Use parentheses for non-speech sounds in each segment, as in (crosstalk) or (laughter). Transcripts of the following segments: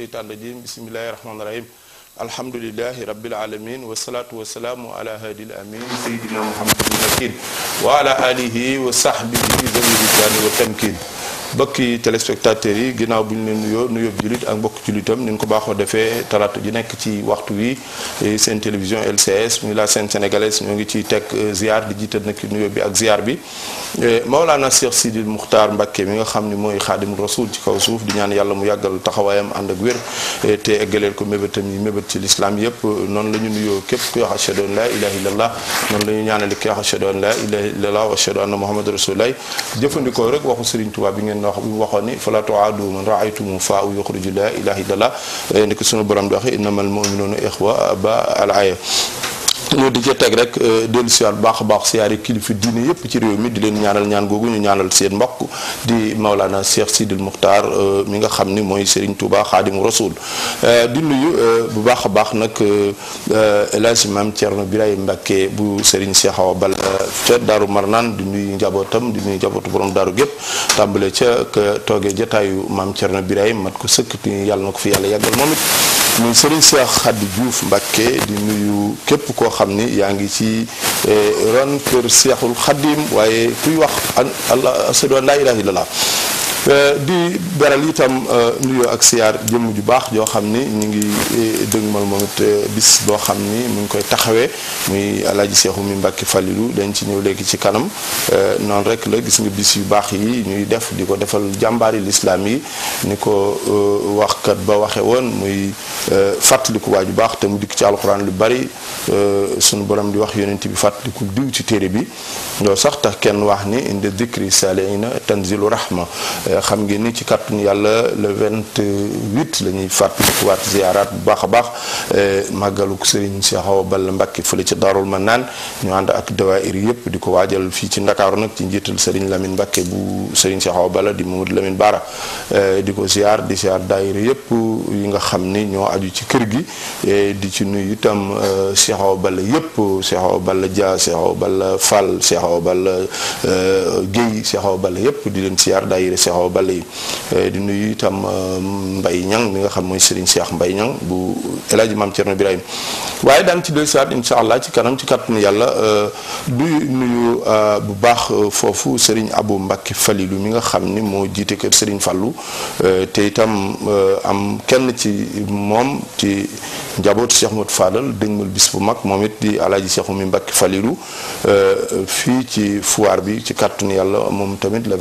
الشيطان الرجيم بسم الله الرحمن الرحيم الحمد لله رب العالمين والصلاة والسلام على هادي الأمين سيدنا محمد المكين وعلى آله وصحبه ذوي الرضوان والتمكين mbokki téléspectateurs yi ginnaaw bu ñu leen nuyoo nuyoo jullit ak mbokk jullitam ni ñu ko baaxoo defee talaata ji nekk ci waxtu wi e seen télévision LCS mu la chaîne sénégalaise ñoo ngi ciy teg e, ziar di jiital nag nuyo bi ak ziar bi e, Maolana Cheikh Sidil Mukhtar Mbacké mi nga xam ni mooy xaadim rasul ci kaw suuf di ñaan yàlla mu yàggal taxawaayam ànd ak wér te eggaleel ko mébétam yi mébét ci lislaam yëpp noonu la ñu nuyoo képp ki wax ashhadu an la ilaha illallah noonu la ñu la ilaha illallah wa ashhadu anna muhammadan rasulullah jëfandikoo rek waxu Serigne Touba bi ngeen ngeen wax mu waxoon ni fala tuaadu man raaytumu faa u yuxriju la ilaha illallah ni ko sunu borom di waxe innamal muminuna ixwa ba al aya loolu di ca teg rek euh, dellusiwaat bu baax a baax siyaare kilifa diine yépp ci réew mi di leen ñaanal ñaan googu ñu ñaanal seen mbokk di Maolana Cheikh Sidil Muxtaar euh, mi nga xam ni mooy Serigne Touba Xaadimu Rasuul euh, di nuyu bu baax a baax nag El Hadj Maam Thierno Biraye Mbacké bu Serigne Cheikh Awa Balla ca Daaru naan du nuyu njabootam di nuyu njabootu borom daaru gépp tàmbale ca toogee jataayu Maam Thierno Biraye mat ko sëkk yàlla na ko fi yàlla yàggal moom muy Serigne Cheikh Khady Diouf mbakke di nuyu képp koo xam ni yaa ngi ci eh, ren kër Cheikhul Khadim waaye kuy wax an allah asadu laa ilaaha illallah Euh, di beral itam euh, nuyoo ak siyaar jëmm ju baax joo xam ni ñu ngi eh, dëgmal moom it euh, bis boo xam ni mu ngi koy taxawee muy alaaji seexu mi mbàkki falilu dañ ci ñëw léegi ci kanam noonu rek la gis nga bis yu baax yi ñuy def di ko defal jàmbaari lislaam yi ni ko waxkat ba waxe woon muy fàttaliku ju baax te mu dikk ci alxuraan lu bari sunu borom di wax yonent bi fàttaliku diw ci téere bi loolu sax tax kenn waax ni inde dikri saaliina tanzilu rahma Euh, xam ngeen ni ci kàttanu yàlla le 28 la ñuy fàttalikuwaat ziaraat bu baax a baax euh, màggaluk Serigne Cheikh Awa Balla Mbacke fële ci Darul Manaan ñu ànd ak dawaayir yëpp di ko waajal fii ci Ndakaaru nag ci njiital Serigne Lamine Mbacke bu Serigne Cheikh Awa Balla di Mamadou Lamine Bara euh, di ko ziar di ziar daayir yëpp yi nga xam ni ñoo aju ci kër gi di ci nuyu itam Cheikh Awa Balla yëpp Cheikh Awa Balla Dia Cheikh Awa Balla Fall Cheikh Awa Balla yëpp di leen ziar daayir Awa Balla eh, di nuyu itam eh, Mbaye Niang mi nga xam mooy Serigne Cheikh Mbaye bu El Hadj Mame Thierno Birahim waaye daan ci doy saat incha allah ci kanam ci kàttanu yàlla eh, du nuyu bu baax foofu sëriñ abu Mbacké Falilou mi nga xam ni moo jiite kër Serigne Fallou te itam am kenn ci moom ci njabootu Cheikh Modou Fadal dëgmal bis bu mag moom it di El Hadj Cheikh mi Mbacké Falilou fii ci foire bi ci kàttanu yàlla moom tamit le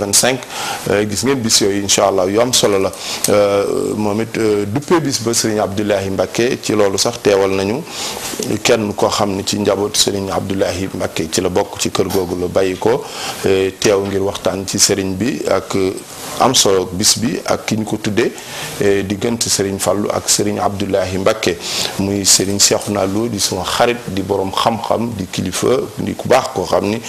gis ngeen bis yooyu incha allah yu am solo la euh, moom it euh, duppee bis ba Serigne Abdoulahi Mbacke ci loolu sax teewal nañu kenn koo xam ne ci njabootu Serigne Abdoulahi Mbacke ci la bokk ci kër googu la bàyyi ko euh, teew ngir waxtaan ci Serigne bi ak am solo bis bi ak ki ñu ko tuddee diggante Serigne Fallou ak Serigne Abdoulahi Mbacke muy Serigne Cheikhouna Lo di suma xarit di boroom xam-xam di kilifa di ku baax koo xam ni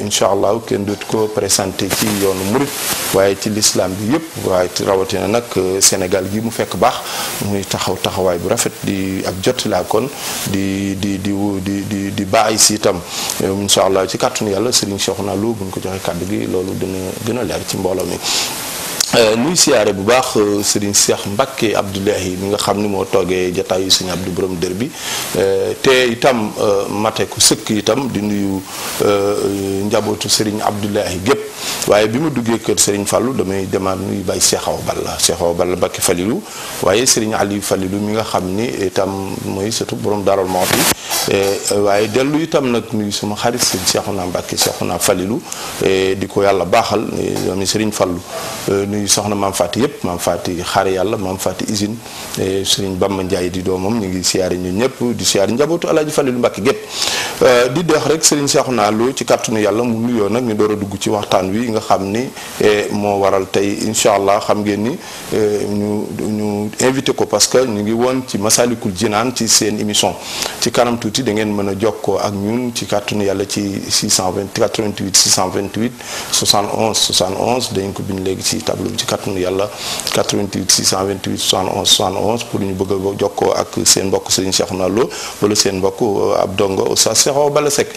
incha allah kenn dootu ko présenté ci yoonu murit waaye ci lislaam bi yëpp waaye ci rawatina nag euh, Sénégal gi mu fekk baax muy taxaw taxawaay bu rafet di ab jot laa kon di di di di di di bàyyi si itam euh, incha allah ci kàttanu yàlla Serigne Cheikhouna Lo buñ ko joxe kàddu gi loolu dina gën a leer ci mbooloo mi. Euh, nuy siyaare bu baax euh, Serigne Cheikh Mbacke Abdoulahi mi nga xam ni moo toogee jataayu Serigne Abdou Borom dër bi euh, te itam mate ku sëkk itam di nuyu njabootu Serigne Abdoulahi gépp waaye bi ma duggee kër Serigne Fallou damay demaat nuyu Baye Cheikh Awa Balla Cheikh Awa Balla Mbacke Falilou waaye Serigne Aliou Falilou mi nga xam ni itam mooy setu borom Darou Mouhty waaye dellu itam nag nuyu sama xarit naa Cheikhouna Mbacke Cheikhouna Falilou di ko yàlla baaxal doomi Serigne Fallou nuyu soxna maam Faty yëpp maam Faty xaar yàlla maam Faty usine eh, sëriñ Bamba Ndiaye di doomam ñu ngi siyaare ñun ñëpp di siyaare njabootu Alaaji Falilu Mbàkke gépp eh, di deex rek sëriñ Seexuna Lo ci kàttanu yàlla mu nuyoo nag ñu door a dugg ci waxtaan wi nga xam ni eh, moo waral tey incha allah xam ngeen ni ñu ñu invité ko parce que ñu ngi woon ci Masalikul Jinaan ci seen émission ci kanam tuuti da ngeen mën a jokkoo ak ñun ci kàttanu yàlla ci 620 88 628 71 71 dañ ci kàttanu yàlla 88 628 71 71 pour ñu bëgg a jokkoo ak seen mbokk Serigne Cheikh Nalo wala seen mbokk euh, ab dongo Oustaz Cheikh Awa Balla Seck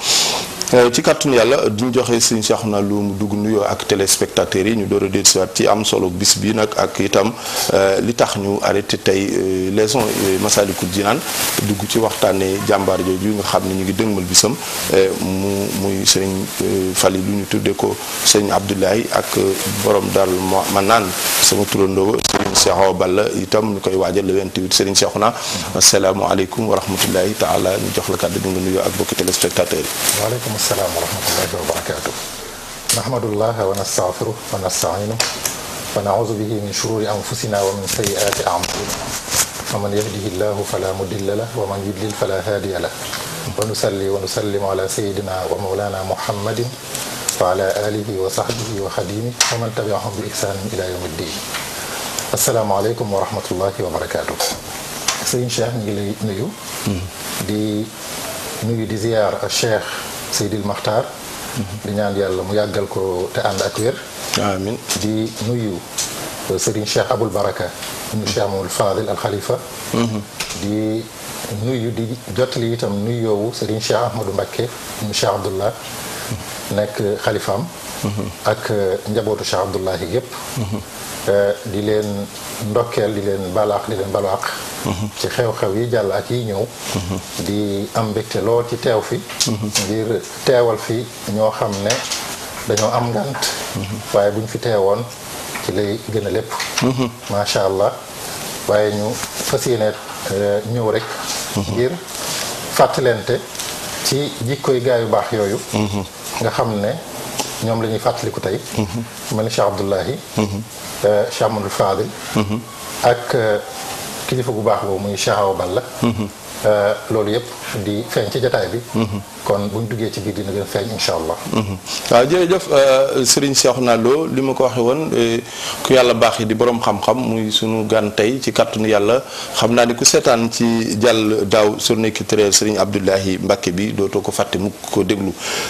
Euh, ci kàttanu yàlla duñ joxe sëñ Cheikhouna lu mu dugg nuyoo ak téléspectateurs yi ñu door a dellusiwaat ci am solo bis bi nag ak itam euh, li tax ñu arrêté tey euh, leçon Massalikul Jinaan dugg ci waxtaanee jàmbaar jooju nga xam ne ñu ngi dëgmal bisam mu muy sëñ Fali lu ñu tuddee ko sëñ Abdoulaye ak borom daal ma naan sama turandoo Serigne Cheikh Balla itam ñu koy waajal le 28 Serigne Cheikhouna asalaamaaleykum wa rahmatullahi taala ñu jox la kàddu gi nga nuyoo ak bokki téléspectateurs yi waaleykum asalaam wa rahmatullahi wa barakatuh nahmadullah wa nastaghfiruh wa nasta'inuh wa na'udhu bihi min shururi anfusina wa min sayyiati a'malina فمن يهده الله فلا مضل له ومن يضلل فلا هادي له ونصلي ونسلم على سيدنا ومولانا محمد وعلى آله وصحبه وخديمه ومن تبعهم بإحسان إلى يوم الدين السلام عليكم ورحمة الله وبركاته سيدنا الشيخ نجلي نيو دي نيو دي زيار الشيخ سيد المختار دي نيان ديال مياقل كو تأند أكوير آمين دي نيو سيدنا الشيخ أبو البركة الشيخ الفاضل الخليفة دي نيو دي جاتلي تم نيو سيدنا الشيخ أحمد مكة الشيخ عبد الله نك خليفة أك نجابوتو الشيخ عبد الله يجيب Euh, di leen ndokkeel di leen balaax di leen balaax mhm. ci xew-xew yi jàll ak yi ñëw mhm. di am mbégte lool ci teew fi mhm. ngir teewal fi ñoo xam ne dañoo am ngant waaye buñ fi teewoon ci lay gën a lépp macha allah waaye ñu fas yéene euh, ñëw rek ngir fàttalente ci jikkoy gaa yu baax yooyu nga xam ne si ñoom la ñuy fàttaliku tey. mel ni Cheikh Abdoulahi. Mm-hmm. Euh, Cheikh Amadou Fadil. Mm-hmm. ak euh, kilifa gu baax boobu muy Cheikh Awa mm-hmm. euh, loolu yëpp di feeñ ci jataay kon bu ñu duggee ci biir dina gën a feeñ incha allah. Mhm. waaw jërëjëf euh, Serigne Cheikhouna Lo li ma ko waxee woon euh, ku yàlla baax yi di boroom xam-xam muy sunu gan tey ci kàttanu yàlla xam naa ni ku seetaan ci jàll daaw journée culturelle Serigne Abdoulahi Mbacke bi dootoo ko fàtte mu ko déglu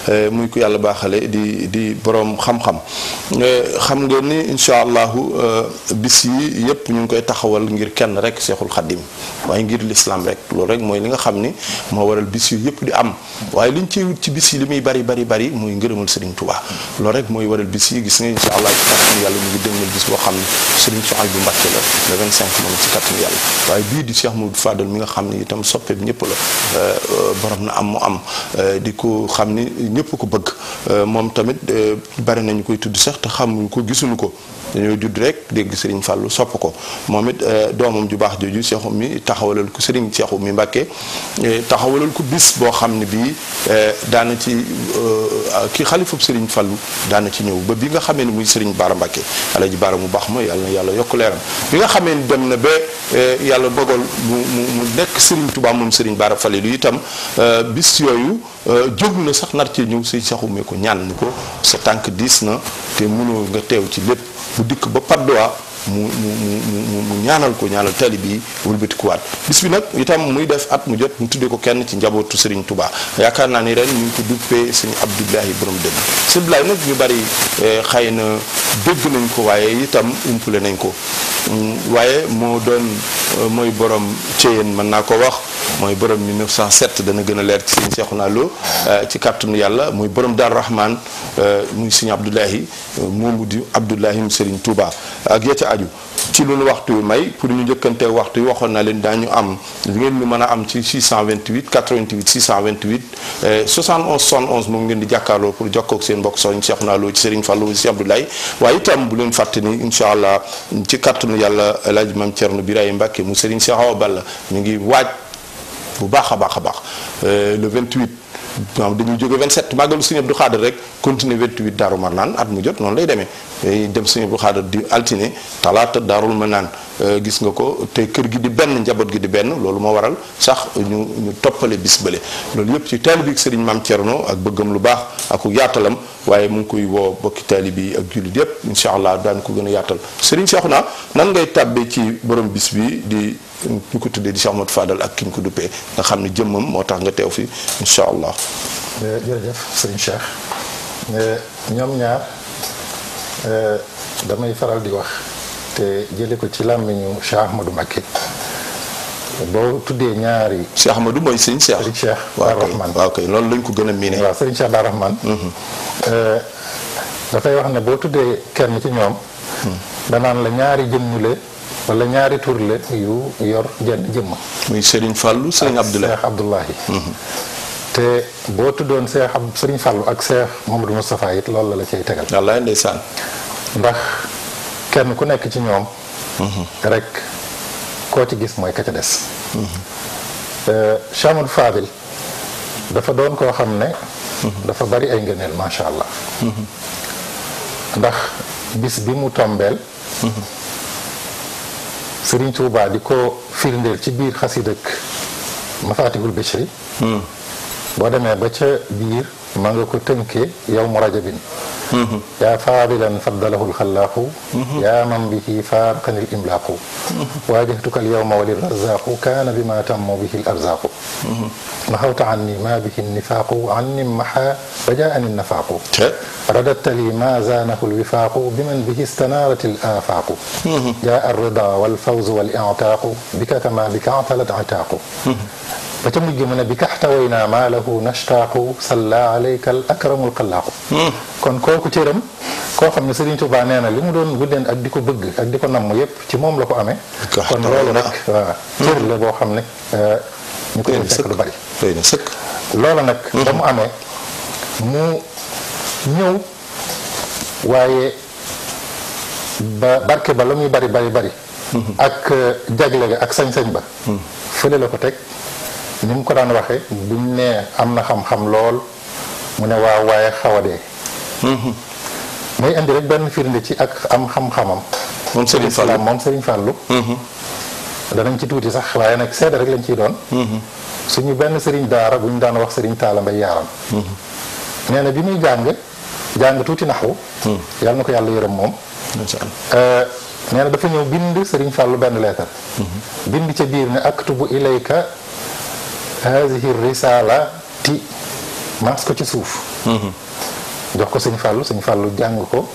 euh, muy ku yàlla baaxale di di borom xam-xam xam ngeen ni incha allahu bis yi yëpp ñu ngi koy taxawal ngir kenn rek seexul Khadim waaye ngir l'islam rek loolu rek mooy li nga xam ni moo waral bis yi yëpp di am. waaye liñ ciy wut ci bis yi li muy bari boo xam ne Serigne Souhaïbou Mbacké la le 25 moom ci bii di Cheikh Modou Fadal mi nga xam ne itam soppe bi ñëpp la euh, boroom na am mu am euh, di ko xam ni ñëpp ko bëgg euh, moom tamit bari nañu koy tudd sax te xamuñu ko gisuñu ko dañoo judd rek dégg Serigne fàllu sopp ko moom it doomam ju baax jooju Cheikh mi taxawalal ko Serigne Cheikh mi Mbacké taxawalal ko bis boo xam ne bii Eh, daana ci euh, ah, ki xalifab Serigne Fallou daana ci ñëw ba bi nga xamee ni muy Serigne Bara Mbacké Alaaji Bara mu baax ma yàlla na yàlla yokk leeram bi nga xamee ni dem na ba eh, yàlla dogal mu mu nekk Serigne Touba moom Serigne Bara lu itam euh, bis yooyu Euh, jóg na sax nar cee ñëw sëñ Saxu mi ko ñaan ni ko sa tànk diis na te mënoo nga teew ci lépp bu dikk ba padduwaa mu mu mu mu ñaanal ko ñaanal tali bi wëlbatikuwaat bis bi nag itam muy def at mu jot mu tuddee ko kenn ci njabootu Serigne Touba yaakaar naa ni ren ñu ngi ko duppee sëñ Abdoulaye borom dëgg sëñ Abdoulaye nag ñu bari eh, xëy na dégg nañ ko waaye itam umpule nañ ko mm, waaye moo doon. mooy borom Thiéyène mën naa ko wax mooy borom 1907 dana gën a leer ci sëñ Cheikhouna Lo euh, ci kàttanu yàlla muy borom Daaru Rahman euh, muy sëñ Abdoulahi euh, moomu di Abdoulahi mu Serigne Touba ak ya aju ci lu waxtu wi may pour ñu njëkkantee waxtu yi waxoon naa leen daañu am li ngeen ñu mën a am ci 628 88 628 71 71 moom ngeen di jàkkaarloo pour jokkoo ak seen mbokk soxna Cheikh Nalo ci Serigne Fallou ci Abdoulaye waaye itam bu leen fàtte ni incha allah ci kàttanu yàlla El Hadj Mame Thierno Biraye Mbacke mu Serigne Cheikh Awa Balla ñu ngi waaj bu baax a baax a baax eh, le 28. ñoom dañuy jóge 27 màggalu Sëñ Abdou Khadre rek continuer 28 Daaru Marnaan at mu jot noonu lay demee day dem Sëñ Abdou Khadre di altine talaata Daarul ma naan Euh, gis nga ko te kër gi di benn njaboot gi di benn loolu moo waral sax ñu ñu toppale bis bële loolu yëpp ci taalibi ak sëriñ maam Thierno ak bëggam lu baax ak yaatalam waaye mu ngi koy woo bokki taalibi ak jullit yëpp incha allah daan ko gën a yaatal sëriñ nan ngay tàbbee ci borom bis bi di ñu ko tuddee di Cheikh Ahmadou Fadal ak ki ko duppee nga xam ne jëmmam moo tax nga teew fi incha allah. Euh, jërëjëf sëriñ Cheikh euh, ñoom ñaar damay faral di wax. te jële ko ci làmmiñu Cheikh Ahmadou Mbacké boo tuddee ñaari. Cheikh Ahmadou mooy sëñ Cheikh. sëñ Cheikh Dar Rahman waaw loolu lañ ko gën a miine. waaw sëñ Cheikh Dar Rahman. Mhm. Euh, dafay wax ne boo tuddee kenn ci ñoom. Hmm. danaan la ñaari jëmm la wala ñaari tur la yu yor jenn jëmm. muy Serigne Fallou Serigne Abdoulaye mhm. te boo tuddoon Cheikh Serigne Fallou ak Cheikh Mamadou Moustapha it loolu la la cay tegal. wallaay ndeysaan. ndax. kenn ku nekk ci ñoom mm-hmm. rek koo ci gis mooy ka ca des mm-hmm. euh, Chamoun Fadil dafa doon koo xam ne mm-hmm. dafa bari ay ngëneel macha allah ndax bis bi mu tombeel Sëriñ Tuubaa di ko firndeel ci biir xasid ak Mafatihul Bichri boo demee ba ca biir ما نقول تنكي يوم رجب يا فاضلا فضله الخلاق يا من به فارقا الإملاق واجهتك اليوم وللرزاق كان بما تم به الأرزاق نهوت عني ما به النفاق عني محا فجاءني النفاق رددت لي ما زانه الوفاق بمن به استنارت الآفاق جاء الرضا والفوز والإعتاق بك كما بك اعتلت عتاق ba ca mujj mu ne bi kaxtaway naa maa lahu nashtaaxu salla alayka al akramul hmm. kon kooku koo xam ne Serigne Touba nee na li mu doon guddeen ak di ko bëgg ak di ko nam yépp ci moom la ko amee kon loolu la hmm. boo xam ne euh, ñu koy fekk lu bari sëkk loola nag hmm. ba mu amee mu ñëw waaye ba barke ba la muy bari bari bari ak euh, jagle ga ak sañ-sañ ba fële la ko teg ni mu ko daan waxe buñ ne am na xam-xam lool mu ne waaw waaye xaw a dee muy mm-hmm. indi rek benn firinde ci ak am xam-xamam moom Serigne Fallou moom Serigne Fallou mm-hmm. danañ ci tuuti sax waaye nag seede rek lañ ciy doon mm-hmm. suñu benn sëriñ daara bu ñu daan wax sëriñ Talla Mbaye yaaram nee na bi muy jàng jàng tuuti naxu mm. yàlla na ko yàlla yërëm moom euh, nee na dafa ñëw bind Serigne Fallou benn leetar bind ca biir ne aktubu ilayka haadihi risalati maas ko ci suuf jox ko sëñ fàllu sëñ fàllu jàng ko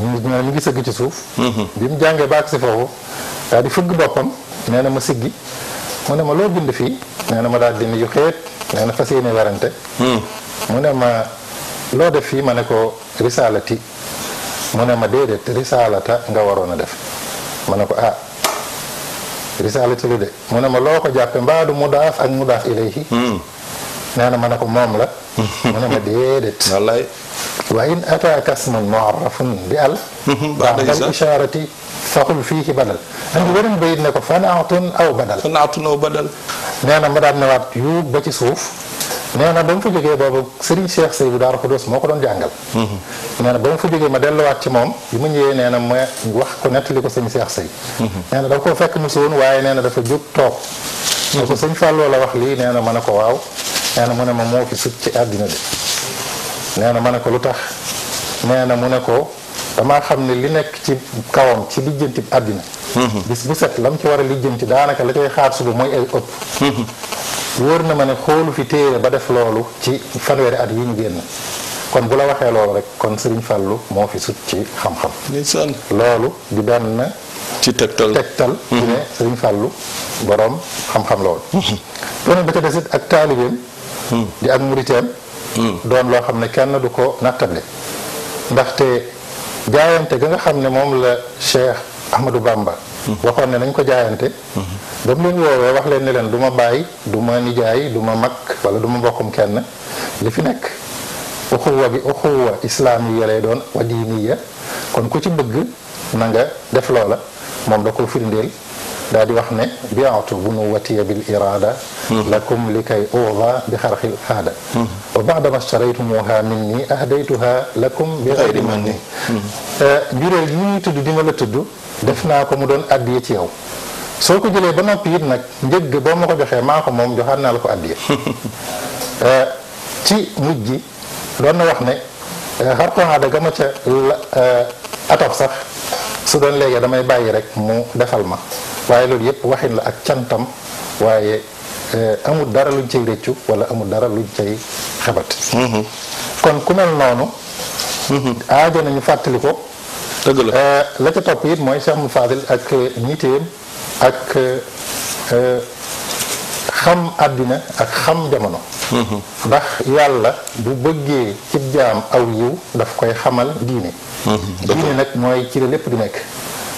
ñu ñu ngi sëgg ci suuf bi mu jàngee baag si foofu daal di fugg boppam nee na ma siggi mu ne ma loo bind fii nee na ma daal di nuyu xeet nee na fas yéene werante hmm. mu ne ma loo def fii ma ne ko risalati mu ne ma déedéet risalata nga waroon a def ma ne ko ah risaalatu lu de mu ne ma loo ko jàppe mbaadu mudaaf ak mudaaf ilayhi hmm. nee na ma ne ko la hmm. mu ne ma déedéet (laughs) wallaay wa in ataaka ismun muarrafun bi al hmm. ba'dal ishaarati faqul fiihi badal andi beneen bayit ne ko fanaatun aw badal fanaatun aw badal nee na ma daal ne waat yuub ba suuf nee na ba mu fa jógee boobu Serigne Cheikh Sey bu Daaru Xudoos moo ko doon jàngal. Mhm. nee na ba mu fa jógee ma delluwaat ci moom bi mu ñëwee nee na ma wax ko nettali ko sëñ Cheikh Sey. Mhm. nee na da ko fekk mu woon waaye nee na dafa jóg toog. ne ko sëñ Fallou la wax lii nee na ma ne ko waaw nee na mu ne ma moo fi sut ci àddina de. nee na ma ne ko lu tax nee na mu ne ko damaa xam ne li nekk ci kawam ci lijjanti àddina. Mhm. bis bu set la mu ci war a lijjanti daanaka la koy xaar suba mooy ay ëpp. wóor na ma ne xoolu fi téere ba def loolu ci fanweeri at yi ñu génn kon bu la waxee loolu rek kon Sëriñ Fàllu moo fi sut ci xam-xam loolu di benn ci tegtal tegtal ci ne mhm. Sëriñ Fàllu boroom xam-xam loolu mhm. beneen ba ca desit ak taalibeem mhm. di ak muriteem doon loo xam ne kenn du ko nattale ndaxte jaayante ga nga xam ne moom la Cheikh Ahmadou Bamba waxoon ne nañ ko jaayante ba mu leen woowee wax leen ne leen du ma bàyyi du ma nijaay du ma mag wala du ma mbokkum kenn li fi nekk uxuwa bi uxuwa islaamiya lay doon wa diiniya kon ku ci bëgg na nga def loola moom da ko firndeel daal di wax ne biatu bu nu watiya bil irada lakum li kay bi xarxil aada wa baadama staraytumuha min ni ahdaytuha lakum bi xayri man ni juréel yi ñuy tudd di ma la tudd def naa ko mu doon addiye ci yow soo ko jëlee ba noppi it nag njëgg boo ma ko joxee maa moom joxaat naa la ko addiye (laughs) eh, ci mujj gi doon na wax ne eh, xartu aada ga ma ca eh, sax su doon léegi damay bàyyi rek mu defal ma waaye loolu yëpp waxin la ak cantam waaye eh, amul dara luñ cay rëccu wala amul dara luñ cay xebat mm-hmm. kon ku mel noonu mm-hmm. aajo nañu fàttali ko eh, la ca topp it mooy Cheikh Mouhamadou Fadil ak nitéem ak eh, xam àddina ak xam jamono mm-hmm. ndax yàlla bu bëggee cib jaam aw yiw daf koy xamal diine diine nag mooy ci la lépp di nekk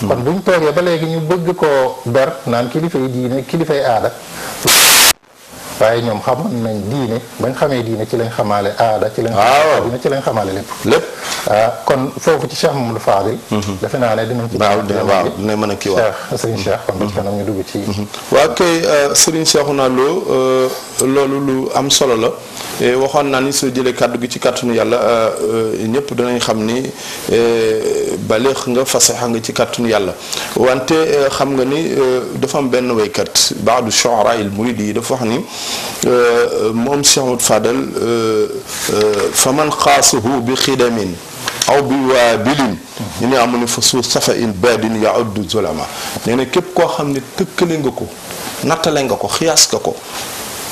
kon bu ñu toogee ba léegi ñu bëgg koo ber naan kilifa yi diine kilifa aada. waaye ñoom xam nañ diine bañ xamee diine ci lañ xamaale aada ci lañ xamaale ci lañ xamaale lépp lépp ah, kon foofu ci Cheikh Mamadou Fadil mhm. defe naa ne dinañ ci waaw dina mën a ki waaw Serigne Cheikh kon ba ci mhm. kanam ñu dugg ci mhm. waaw kay euh, Serigne Cheikhouna Lo euh, loolu lu am solo la Eh, waxoon naa ni soo jëlee kàddu gi ci kàttanu yàlla euh, euh, ñëpp danañ xam ni eh, baleex nga fasaxa nga ci kàttanu yàlla wante euh, xam nga ni dafa am benn waykat baadu shu'ara il murid yi dafa wax ni moom Cheikh Ahmad Fadal fa man xaasuhu bi xidamin aw bi waa bilin ñu ne amu ne fa suuf safa in badin yauddu zulama nee képp koo xam ne tëkkale nga ko nattale nga ko xiyaas nga ko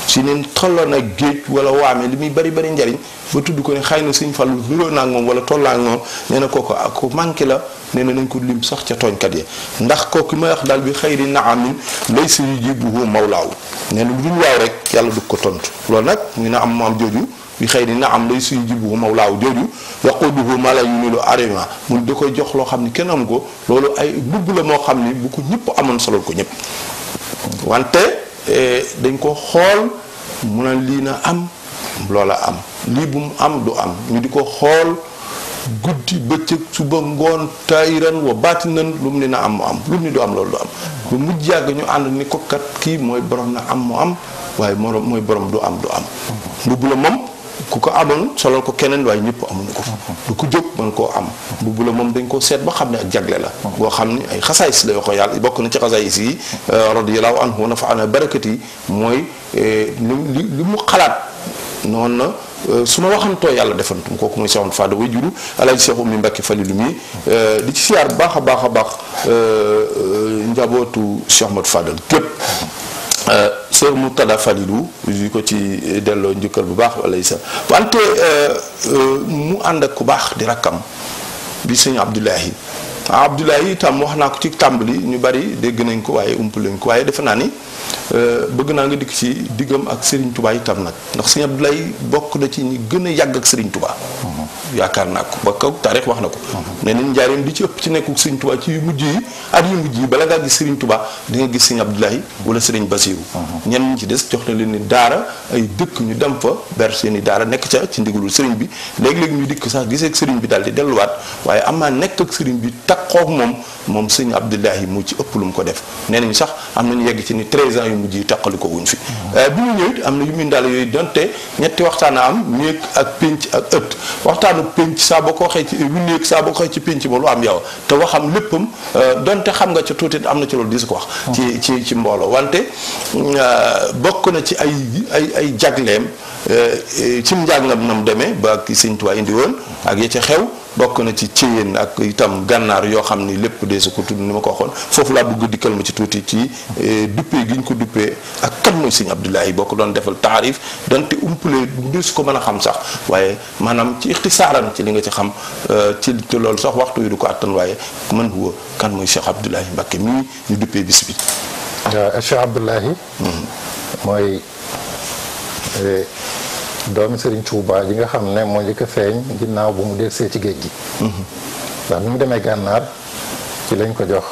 si neen tolloon ak géej wala waame li muy bari bari njariñ ba tudd ko ne xay na suñ fàllu nuroo naa moom wala tolloo ak moom nee na kooku ku manqué la nee na nañ ko lim sax ca tooñkat yi ndax kooku may wax daal bi xëy na naamin lay si yujibuhu mawlaaw nee na lu dul waaw rek yàlla du ko tontu loolu nag muy na am maam jooju. bi xëy na am lay suy jibu mawlaaw jooju duggu mala yu nilu arima mun da koy jox loo xam ni kenn am ko loolu ay mbubb la moo xam ni bu ko ñëpp amoon solo ko ñëpp wante. Eh, dañ ko xool mu ne lii na am loola am lii bu mu am du am ñu di ko xool guddi bëccëg suba ngoon taayiran wa baatinan lu mu ne na am mu am lu mu ne du am loolu du am bu mujj yàgg ñu ànd ni ko kat kii mooy borom na am mu am waaye moroom mooy borom du am du am mbubb la moom ku ko amoon solal ko keneen waaye ñëpp amuñu ko du ko jóg mën koo am mbubb la moom dañ koo seet ba xam ne ak jagle la boo xam ne ay xasaayis la yoo ko yàlla bokk na ci xasaayis yi euh, radiyallahu anhu wa nafa'ana barakat yi mooy li euh, li mu xalaat noonu na euh, su ma waxantoo yàlla defantum kooku mooy seexoon fada way juru alaaji seexu mi mbàkke falilu mi di ci siyaar baax a baax a baax njabootu Cheikh Ahmad Fadal képp Euh, sër Murtada Falilou yu ko ci delloo njukkal bu baax wala sa wante euh, euh, mu ànd ak ku baax di rakkam bi sëñ Abdoulahi Ah, Abdoulaye tam wax naa ko ci tàmbali ñu bari dégg nañ ko waaye ump lañ ko waaye defe naa ni euh, bëgg naa nga dikk ci diggam ak Serigne Touba itam nag ndax Serigne Abdoulaye bokk na ci ñi gën a yàgg ak sëriñ tubaa mhm. yaakaar naa ko ba kaw taarix wax na ko. Mhm. nee nañ njaareem di ci ëpp ci nekkul Serigne Touba ci yu mujj yi at yu mujj yi bala ngaa gis Serigne Touba di nga gis Serigne Abdoulaye wala Serigne Bassirou. Mhm. ñenn ñi ci des jox na leen ni daara ay dëkk ñu dem fa ber seen daara nekk ca ci ndigalul Serigne bi léegi léeg ñu dikk sax gisee ak Serigne bi daal di delluwaat waaye am naa nekk ak bi taqoog moom moom sëñ Abdoulahi mu ci ëpp lu mu ko def nee nañ sax am nañu yegg ci ni 13 ans yu mujj yi taqali ko wuñ fi mm-hmm. euh, bi ñu ñëw it am na yu muy ndaal yooyu donte ñetti waxtaan a am néeg ak pénc ak ëtt waxtaanu pénc saa boo ko waxee ci wu néeg saa ko ci pénc ba lu am yow te waxam léppam euh, donte xam nga ca tuuti am na ci loolu di ko wax mm-hmm. ci ci ci mbooloo wante euh, bokk na ci ay ay ay jagleem ci njàngam nam demee ba ki sëñ Tuubaa indi woon ak ya ca xew bokk na ci céyeen ak itam gànnaar yoo xam ni lépp dee su ko tudd ni ma ko waxoon foofu laa bëgg dikkal ma ci tuuti ci eh, duppee gi ñu ko duppee ak kan mooy sëñ Abdoulaye boo ko doon defal taarif donte umpule dee su ko mën a xam sax waaye maanaam ci ixtisaaran ci li nga ci xam eh, ci te loolu sax waxtu wi du ko àttan waaye man huwa kan mooy Cheikh Abdoulaye Mbacké mii ñu duppee bis bi waaw euh, Cheikh Abdoulaye mm-hmm. mooy eh, doomi Serigne Touba ji nga xam ne moo njëkk a feeñ ginnaaw bu mu delsee ci géej gi ndax bi mu demee gànnaar ci lañ ko jox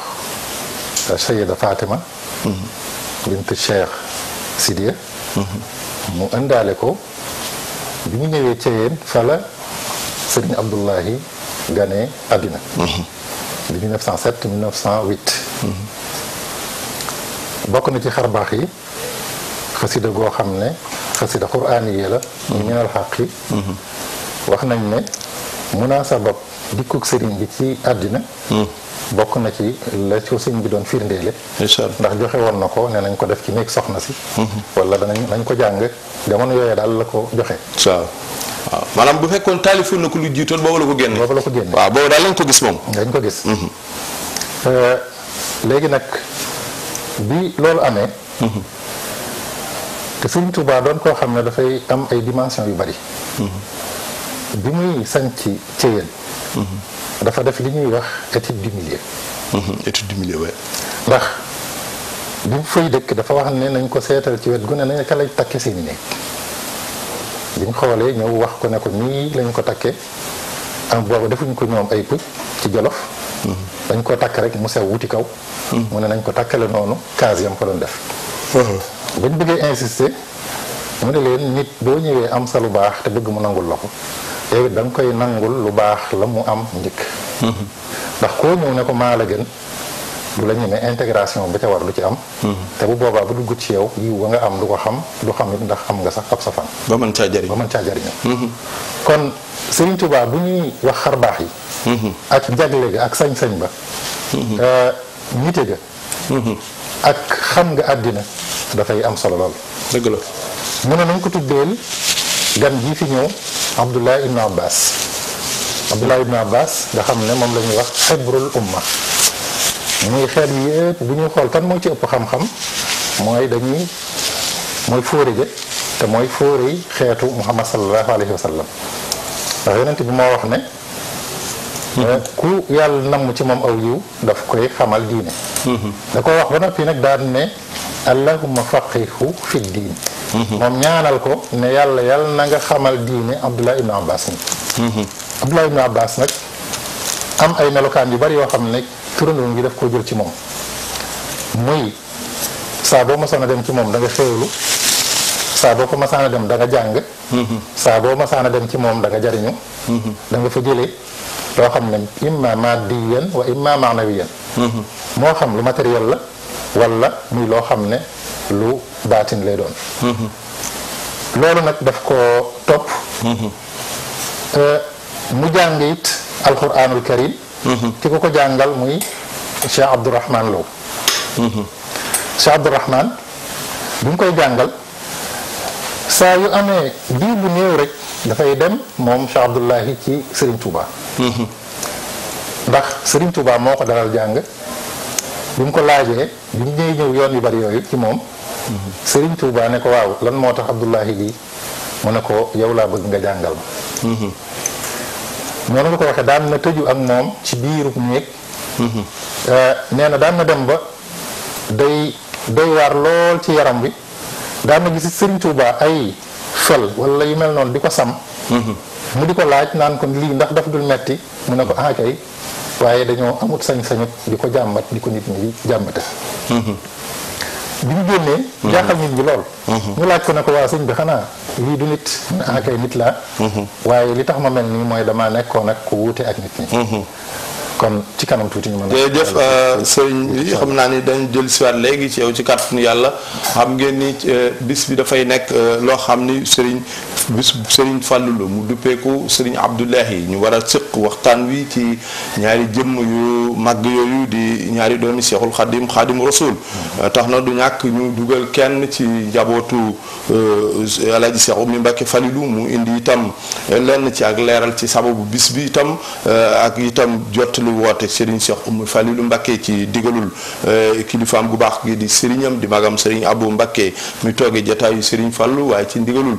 euh, Sayyida Fatima bint Cheikh Sidiya mu indaale ko bi mu ñëwee Ceyeen fala Serigne Abdoulahi Gane àddina di bokk na ci xarbaax yi xasida goo xam ne xasida quraaniya la ñu mm-hmm. minal xaqi mm-hmm. wax nañ ne munaasabab dikkug sëriñ bi ci àddina mm-hmm. bokk na ci la co sëñ bi doon firndeele ndax joxe woon na ko ne nañ ko def ci néeg soxna si wala danañ nañ ko jàng jamono yooyee daal la ko joxe waaw waaw maanaam bu fekkoon taalifoon na ko lu jiitoon boobu la ko génne boobu la ko génne waaw boobu daal lañ ko gis moom dañ ko gis euh, léegi nag bi loolu amee te sëñ Touba doon koo xam ne dafay am ay dimension yu bari mhm. bi muy sañ ci Thiéyène mhm. dafa def li ñuy wax étude du milieu mhm. étude ndax bi mu dëkk dafa wax ne nañ ko seetal ci wet gu ne nañ ka lay takke seeni néeg bi ñu xoolee ñëw wax ko ne ko nii lañ ko takkee am boobu defuñ ko ñoom ay puj ci jolof dañ ko takk rek mu sew wuti kaw mu ne nañ ko takkale noonu kaas yam ko doon def uh-huh. bañ bëggé insister mo ne leen nit bo ñëwé am sa lu baax té bëgg mu nangul loxo ko dang koy nangul lu baax la mu am njëkk mm-hmm. ndax ko ñëw ne ko ma la gën bu la ñu intégration bu ca war lu ci am mm-hmm. té bu boba bu dugg ci yow yi wa nga am du ko xam du nit ndax xam nga sax ab sa ba ba mm-hmm. kon Serigne Touba bu ñuy wax xar baax yi ak jagle ga ak sañ-sañ ba euh, nité ga ak xam nga adina dafay am solo lol deug la mu ne nañ ko tuddel gan fi ñew Abdullah ibn Abbas Abdullah ibn Abbas dah xam ne moom ummah, ini wax punya umma muy xel yi yëpp bu ñu xol tan mo ci ëpp xam-xam moy dañuy moy te moy Muhammad sallallahu Alaihi Wasallam, sallam ndax yonent bi moo wax ne mhm. ku yalla nam ci mom aw yu daf koy xamal diine mhm. da ko wax ba noppi nak daan ne allahuma faqihu fi diin moom ñaanal ko ne yàlla yàlla na nga xamal diine abdullah ibnu abbas ni abdullah nag am ay melokaan yu bari yoo xam ne turandoom gi def ko jël ci moom muy saa masoon a dem ci moom danga nga xéewlu ko masaan a dem danga jàng saa masaan a dem ci moom danga nga jariñu da fa jëlee loo xam ne imma maadiyan wa imma maanawiyan moo xam lu matériel la wala muy loo xam ne lu baatin lay doon mm-hmm. loolu nag daf ko topp mm-hmm. mu jàng it alquranul karim mm-hmm. ki ko ko jàngal muy Cheikh Abdourahman Lo Cheikh Abdourahman bi mu koy jàngal saa yu amee diir bu néew rek dafay dem moom Cheikh Abdoulahi ci Serigne Touba ndax Serigne Touba moo ko dalal jàng bi mu ko laajee bi mu ñëwee ñëw yoon yu bari yooyu ci moom Serigne Touba ne ko waaw lan moo tax Abdullahi lii mu ne ko yow laa bëgg nga jàngal ma mhm. noonu la ko waxee daan na tëju ak moom ci biirub néeg mhm. euh, nee na daan na dem ba day doy waar lool ci yaram bi daan na gis Serigne Touba ay fel wala yu mel noonu di ko sam mhm. mu di ko laaj naan ko lii ndax daf dul metti mu ne ko ah waaye dañoo amut sañ-sañut di ko jàmbat di ko nit ñi di jàmbate bi mu génnee mhm. jaaxal nit ñi lool mhm. ñu laaj ko ne ko waa sëñ bi xanaa lii du nit na akay ah, nit laa mhm. waaye li tax ma mel nii mooy damaa nekkoon ak ku wuute ak nit ñi kon ci kanam tuuti ñu mën a jërëjëf euh, sëriñ xam naa ni dañu jël siwaat léegi ci yow ci kàttanu yàlla xam ngeen ni euh, bis bi dafay nekk euh, loo xam ni sëriñ bis Serigne Fallou la mu duppeeku Serigne Abdoulahi ñu war a sëq waxtaan wi ci ñaari jëmm yu màgg di ñaari doomi Seexul Xadim Xadim Rasul mm. tax na du ñàkk ñu dugal kenn ci njabootu El euh, Hadj Cheikh Oumy Mbacké Falilou mu indi lenn ci ak leeral ci sababu bis bi itam euh, ak itam jot woote Serigne Cheikh Oumy Falilou Mbacké ci digalul euh, kilifaam gu baax gi di sëriñam di magam Serigne Abou Mbacké mi toogee jotaayu Serigne Fallou waaye ci ndigalul.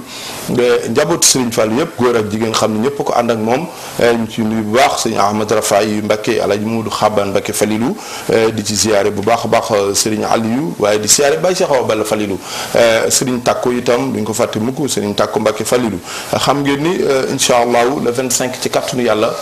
njabootu Serigne Fall yëpp góor ak jigéen xam ne ñëpp ko ànd ak moom eh, ñu ci nuyu bu baax sëñ Ahmad Rafaay Mbakke Alaaji Muudu Xaban Mbakke Falilu eh, di ci ziare bu baax a baax eh, Serigne Aliou waaye di ziare Baye Cheikh Awa Balla Falilu Serigne Takko itam duñ ko fàtte mukk Serigne Takko Mbakke Falilu xam ngeen ni incha allahu le cinq ci kàttanu yàlla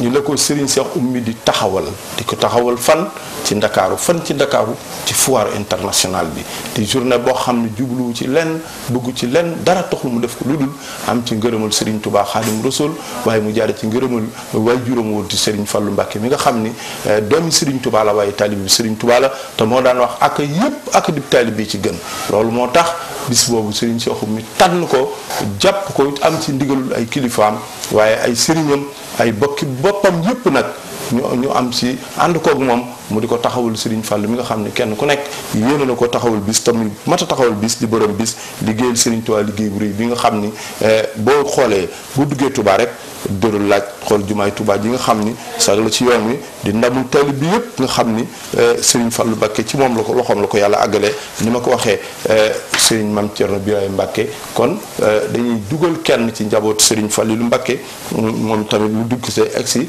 ñu la ko Serigne Cheikh Oumy di taxawal di ko taxawal fan. ci ndakaaru fan ci ndakaaru ci foire internationale bi te journée boo xam ne jubluwu ci lenn bëggu ci lenn dara taxul mu def ko lu dul am ci ngërëmal Serigne Touba Xaadim Rasul waaye mu jaare ci ngërëmal waay juróom woon di Serigne Fallou Mbacké mi nga xam ni eh, doomi Serigne tubaala waaye taalib bi Serigne Touba te moo daan wax ak yëpp ak dib taalib ci gën loolu moo tax bis boobu sëriñ Serigne Cheikhou mi tànn ko jàpp ko am ci ndigalul ay kilifaam waaye ay sëriñam ay bokki boppam yëpp nag ñu am ci ànd koog moom mu di ko taxawul Serigne Fall mi nga xam ne kenn ku nekk yéene na ko taxawul bis tamit mat a taxawul bis di borom bis liggéeyal Serigne Touba liggéey bu rëy bi nga xam ni eh, boo xoolee bu duggee Touba rek dërul laaj xool jumaay Touba ji nga xam ni sag la ci yoon wi di ndamul tali bi yëpp nga xam ni eh, Serigne Fallou Mbacké ci moom la ko loxoom la ko yàlla àggale ni ma ko waxee eh, Serigne Mame Thierno Birahim Mbacké kon dañuy dugal kenn ci njaboot Serigne Fallou Mbacké mm, moom tamit lu dugg see egsi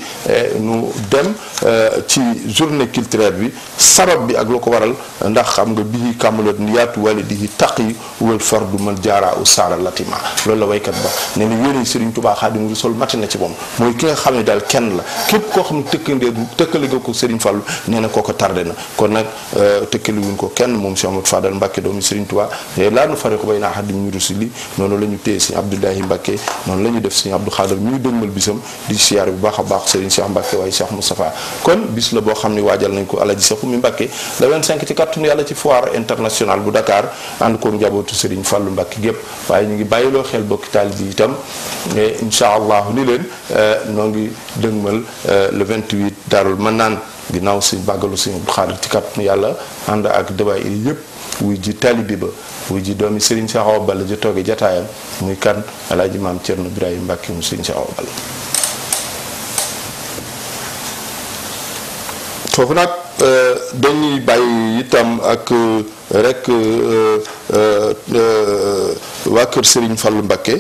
nu dem ci journée littéraire bi sabab bi ak lu ko waral ndax xam nga bii kàmmaloot yaatu wala di taq yi wal fardu man jaaraa u saara latima loolu la waykat ba ne na yéene Serigne Touba Xaadimu Rasuul matti na ci moom mooy ki nga xam ne daal kenn la képp koo ko Serigne Fallou nee na kooko tardé na kon nag euh, tëkkali wuñ ko kenn moom Cheikh Amadou Fadal Mbacke doomu Serigne Touba laa nu fare ko bay naa xadim ñu rusuli noonu la ñu téye Serigne Abdoulahi Mbacke noonu la def Serigne Abdou Khadir mi ñu dëgmal bisam di siyaar bu a baax Serigne Cheikh Mbacke waaye nañ ko alaji Seexu mi Mbàkke le 25 ci kàttanu yàlla ci foire internationale bu Dakar ànd koom njabootu Serigne Fallou Mbàkke gépp waaye ñu ngi bàyyiloo xel bokki taalibe yi itam mais incha allah ni leen euh, noo ngi dëgmal euh, le 28 daarul mën naan ginnaaw si bàggalu si xaaral ci kàttanu yàlla ànd ak débat yi yëpp wuy ji taalibe ba wuy ji doomi Serigne Cheikh Awa Balla ji toogee jataayam muy kan alaaji maam Thierno Birahim Mbacke mu Serigne Cheikh Awa Balla foofu nag euh, dañuy bàyyi itam ak euh, rek euh, waa kër Serigne Fallou Mbacké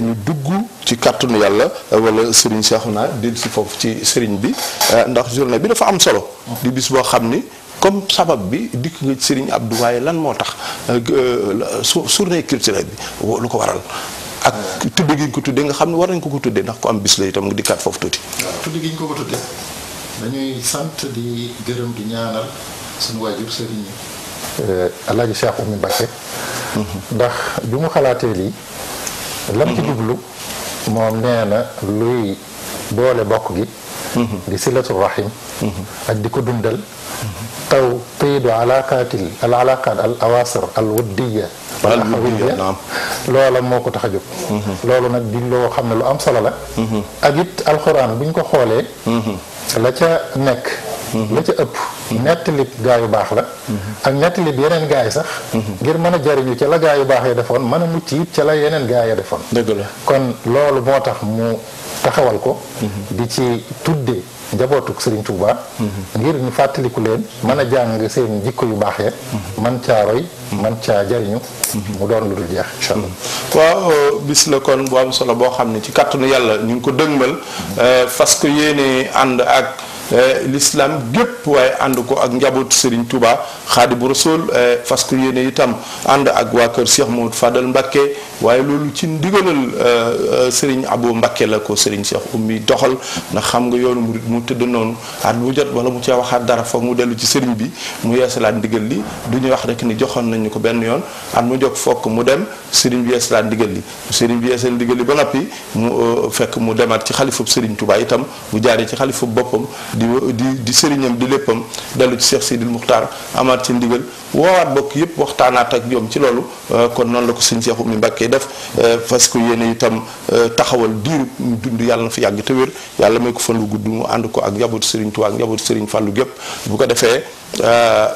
ñu dugg ci kàttanu yàlla wala Serigne Cheikhouna dellu si foofu ci sëriñ bi ndax journée bi dafa am solo. di bis boo xam ni comme sabab bi dikk nga Serigne Abdou waaye lan moo tax su journée culturelle bi lu ko waral. ak tudd gi ñu ko tuddee nga xam ne war nañ ko ko tuddee ndax ko am bis la itam di kat foofu tuuti. ko ko dañuy sant di gërëm di ñaanal suñu waajur sëriñ yi. Eh, Alaaji Cheikh Oumy Mbacké. Mm-hmm. ndax bi mu xalaatee lii. lam ci mm-hmm. jublu. moom nee na luy boole bokk gi. Mm-hmm. di silatu rahim. ak di ko dundal. taw tey du alaakaatil al alaakaat alhamdulilah naam loola moo ko tax a jóg. Mm-hmm. loolu nag di loo xam ne lu am solo la. Mm-hmm. ak it alxuraan bu ñu ko xoolee. Mm-hmm. la ca nekk. la ca ëpp. nettali gaa yu baax la. ak nettali yeneen gaa yi sax. ngir mën a jariñu ca la gaa yu baax yi defoon mën a mucc it ca la yeneen gaa ya defoon. dëgg la kon loolu moo tax mu taxawal ko di ci tuddee njabootuk Sëriñ Tuuba ngir ñu fàttaliku leen mën a jàng seen jikko yu baax ya man caa roy man caa jariñu mu doon lu dul jeex incha allah waaw bis la kon bu am solo boo xam ne ci kàttanu yàlla ñu ngi ko dëgmal euh, fas ko yéene ànd ak Eh, l'islam gépp waaye ànd ko ak njabootu Serigne Touba Xaadimu Rasuul eh, fas ko yéene itam ànd ak waa kër Cheikh Mouhamadou Fadal Mbacké waaye loolu ci ndigalal eh, Serigne Abo Mbacké la ko Serigne Cheikh Oumy doxal na xam nga yoonu murid mu tëdd noonu at mu jot wala mu cee waxaat dara foog mu dellu ci Serigne bi mu yeesalaat ndigal li du ñu wax rek ni joxoon nañu ko benn yoon at mu jot fokk mu dem Serigne bi yeesalaat ndigal li Serigne bi yeesal ndigal li ba noppi mu fekk mu demaat ci xalifub Serigne Touba itam bu jaaree ci xalifub boppam di di di sëriñam di léppam dellu ci Cheikh Sidil Muxtaar amaat ci ndigal woowaat bokk yëpp waxtaanaat ak ñoom ci loolu euh, kon noonu la ko sëñ Cheikh Oumy Mbacké def parce que yéen itam euh, taxawal diiru dund yàlla na fi yàgg te wér yàlla may ko fan lu gudd mu ànd ko ak njabootu Serigne Touba ak njabootu Serigne Fallou gépp bu ko defee euh,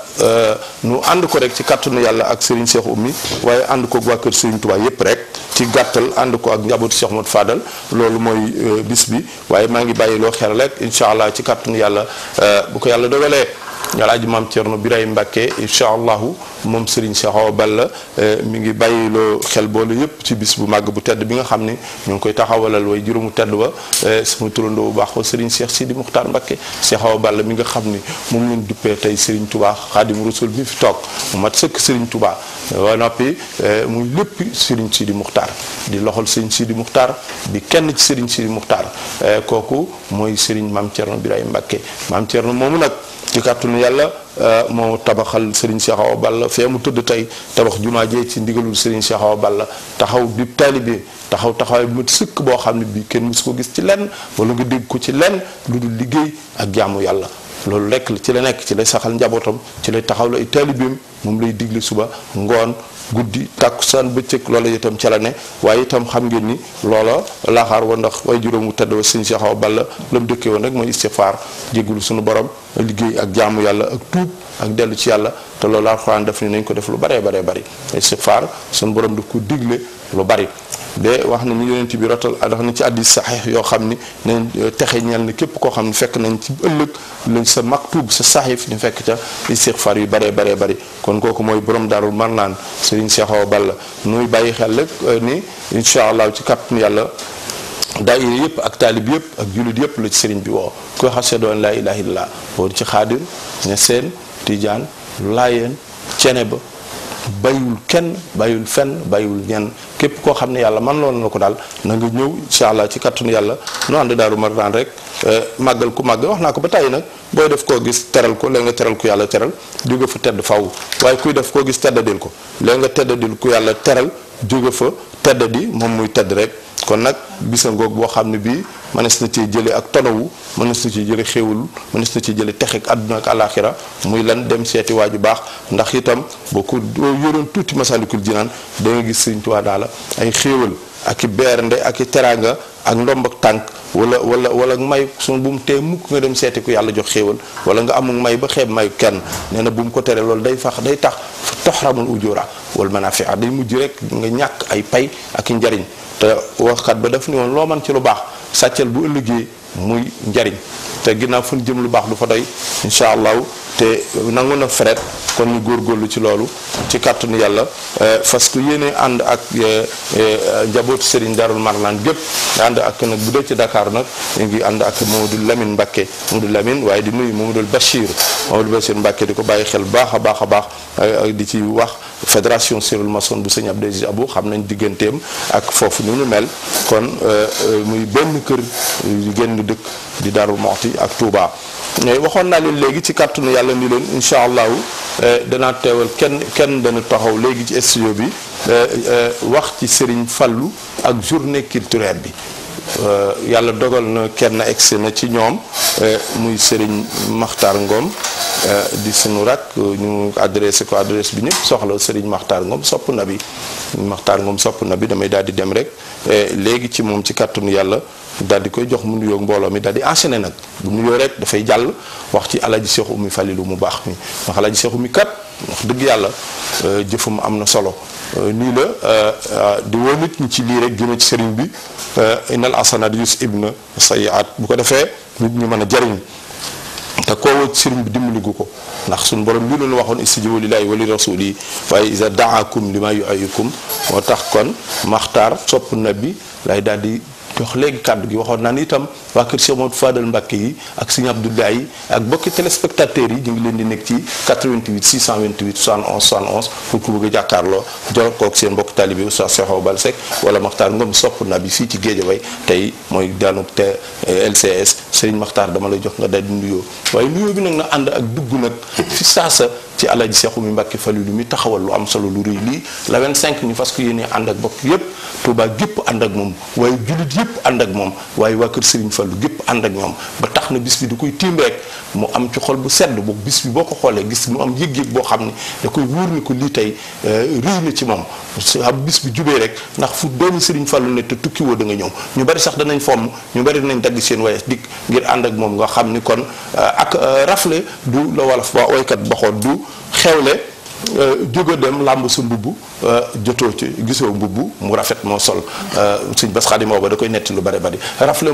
nu ànd ko rek ci kàttanu yàlla ak Serigne Cheikh Oumy waaye ànd ko waa kër Serigne Touba yëpp rek ci gàttal ànd ko ak njabootu Cheikh Modou Fadal loolu mooy bis bi waaye maa ngi bàyyi loo xel rek incha allah ci kàttanu yàlla euh, bu ko yàlla dogalee alaaji maam Thierno Biray Mbacke incha allahu moom Serigne Cheikh Awa Balla eh, mi ngi bàyyiloo xel boolu yëpp ci bis bu màgg bu tedd bi nga xam ni ñoo ngi koy taxawalal way juróomu tedd ba eh, sama turandoo bu baax ko Serigne Cheikh Sidi Muxtaar Mbakke Cheikh Awa Balla mi nga xam ni moom leen duppee tey Serigne Touba Xaadim Rasul mi fi toog mu mat sëkk Serigne Touba ba noppi eh, muy lépp Serigne Sidi Muxtaar di loxol Serigne Sidi Muxtaar bi kenn ci Serigne Sidi Muxtaar kooku mooy sëriñ Maam Thierno Birahim Mbakke Maam Thierno moomu nag ci kàttanu yàlla. Euh, moom tabaxal Serigne Cheikh Awa Balla fee mu tëdd tey tabax jumaa jee ci ndigalul Serigne Cheikh Awa Balla taxaw di taalibe taxaw taxawaay bu mat sëkk boo xam ne bii kenn mësu ko gis ci lenn wala nga dégg ko ci lenn lu dul liggéey ak jaamu yàlla loolu rekk ci la nekk ci lay saxal njabootam ci lay taxaw la ay taalibeem moom lay digle suba ngoon guddi tàkkusaan bëccëg loola itam ca la ne waaye itam xam ngeen ni loola laaxaar wa ndax way juróom wu tedd wa sëñ Cheikh Awa Balla la mu dëkkee woon rek mooy istixfaar jéggulu suñu borom liggéey ak jaamu yàlla ak tuub ak dellu ci yàlla te loolu alxuraan daf ni nañ ko def lu baree baree bari istighfar suñu borom di ko digle lu bari de wax na ñu yonent bi rotal wax na ci addis saxiix yoo xam ni nañ euh, texe ñeel na képp koo xam ne fekk nañ ci ëllëg lañ sa maktub sa saxiif ñu fekk ca istighfar yu baree baree bari kon kooku mooy borom daarul marnaan Serigne Cheikh Awa Balla nuy bàyyi xel rek euh, ni incha allah ci kàttanu yàlla daayira yëpp ak taalib yëpp ak jullit yëpp la ci sëriñ bi woo ko xasee doon laa ilaha illallah ci xaadir ña seen tijaan laayeen cene ba bayul kenn bayul fenn bayul ñenn képp koo xam ne yàlla man loolu na ko daal na nga ñëw incha allah ci kattanu yàlla nu ànd daaru marnaan rek eh, màggal ku màgg wax naa ko ba tàyyi nag booy def koo gis teral ko léegi nga teral ku yàlla teral jóge fa tedd faw waaye kuy def koo gis teddadil ko léegi nga teddadil ku yàlla teral jóge fa tedd di moom muy tedd rek kon nag bisa ngoog boo xam ne bii mënees na cee jële ak tonowu mënees na ci jële xéwul mënees na ci jële texek àdduna ak àllaaxira muy lan dem seeti waa ju baax ndax itam boo ko yoroon tuuti masalikul jinaan da nga gis waa Tuubaa daala ay xéewal ak i beernde ak i teraanga ak ndomb ak tànk wala wala wala may suñu bu mu tee mukk nga dem seeti ku yàlla jox xéewal wala nga amul may ba xeeb may kenn nee na bu mu ko tere loolu day fax day tax toxramul ujura wal manafia day mujj rek nga ñàkk ay pay ak njariñ te waxkat ba daf ni woon loo man ci lu baax sàccal bu ëllëgee muy njariñ te ginnaaw fu jëm lu baax du fa doy incha allahu te nangu na fret kon ñu góorlu ci loolu ci kàttanu yàlla eh, fas ku yéene ànd ak eh, eh, njabootu Serigne Darou Marnaan gépp ànd ak nag bu dee ci ndakaar nag ñu ngi ànd ak Mamadou Lamine Mbacke Mamadou Lamine waaye di nuyu Mamadou Bachir Mamadou Bachir Mbacke di ko bàyyi xel baax a baax a baax a di ci wax fédération Cellule maçon bu sëñ Abdou Aziz Abou xam nañ digganteem ak foofu ni mu mel kon muy benn kër yu dëkk di Darou Moxti ak tuubaa waxoon naa leen léegi ci kàttanu yàlla ni leen incha allahu eh, danaa teewal kenn kenn dana taxaw léegi ci studio bi eh, eh, wax ci sëriñ fallu ak journée culturelle bi Euh, yàlla dogal na kenn egsi na ci ñoom euh, muy Serigne Makhtar Ngom euh, di sunu rak ñu adressé ko adresse bi ñëpp soxla Serigne Makhtar ngoom sopp na bi Makhtar Ngom sopp na bi damay daal di dem rek léegi ci moom ci kàttanu yàlla daal di koy jox mu nuyoo mbooloo mi daal di enchaîné nag bu nuyoo rek dafay jàll wax ci alaji Cheikh Oumy Falilou mu baax mi ndax alaji Cheikh Oumy kat wax dëgg yàlla jëfam am na solo. Euh, nii la euh, euh, di woo ñi ci lii rek jëmee ci sëriñ bi innal asanaat yusibna sayiat bu ko defee nit ñi mën a jariñ te koo woo sëriñ bi dimbali gu ko ndax suñu borom lii loolu waxoon istijibu lillahi wa li rasuli waaye isa daakum li ma yuayikum moo tax kon maxtaar sopp bi lay daal di jox léegi kàddu gi waxoon naa ni itam waa kër Cheikh Modou Fadal Mbacké yi ak Serigne Abdou Gaye ak bokki téléspectateurs yi ñu leen di nekk ci 88 628 71 71 pour ku bëgg a jàkkaarloo jokkoo ak seen mbokki taalibe bi Oustaz Cheikh Awa Balla Seck wala Makhtar Ngom sopp na bi fii ci Guédiawaye tey mooy daanu te eh, LCS Serigne Makhtar dama lay jox nga daal di nuyoo waaye nuyoo bi nag na ànd ak dugg nag fi saasa ci alaji Seexu mi Mbàkke Falilu mi taxawal lu am solo lu rëy lii la 25 ñu fas ko yéenee ànd ak bokk yépp Touba gépp ànd ak moom waaye jullit yépp ànd ak moom na bis bi du koy tiim ci xol bu sedd bu bi boo ko xoolee gis mu boo xam ne da koy wóor ni ko euh, ci moom ab bis bi jubee rek ndax fu doomi Serigne Fallou ne te tukki woo da nga ñëw ñu bari sax danañ fomm ñu bari danañ dagg seen waaye dikk ngir ànd ak moom nga xam ni kon euh, ak euh, rafle du la wolof ba woykat baxoon du xewle euh, jóga dem làmb de mbubb euh, jotoo ci gisoo fait mu rafet sol euh bass à da koy netti lu rafle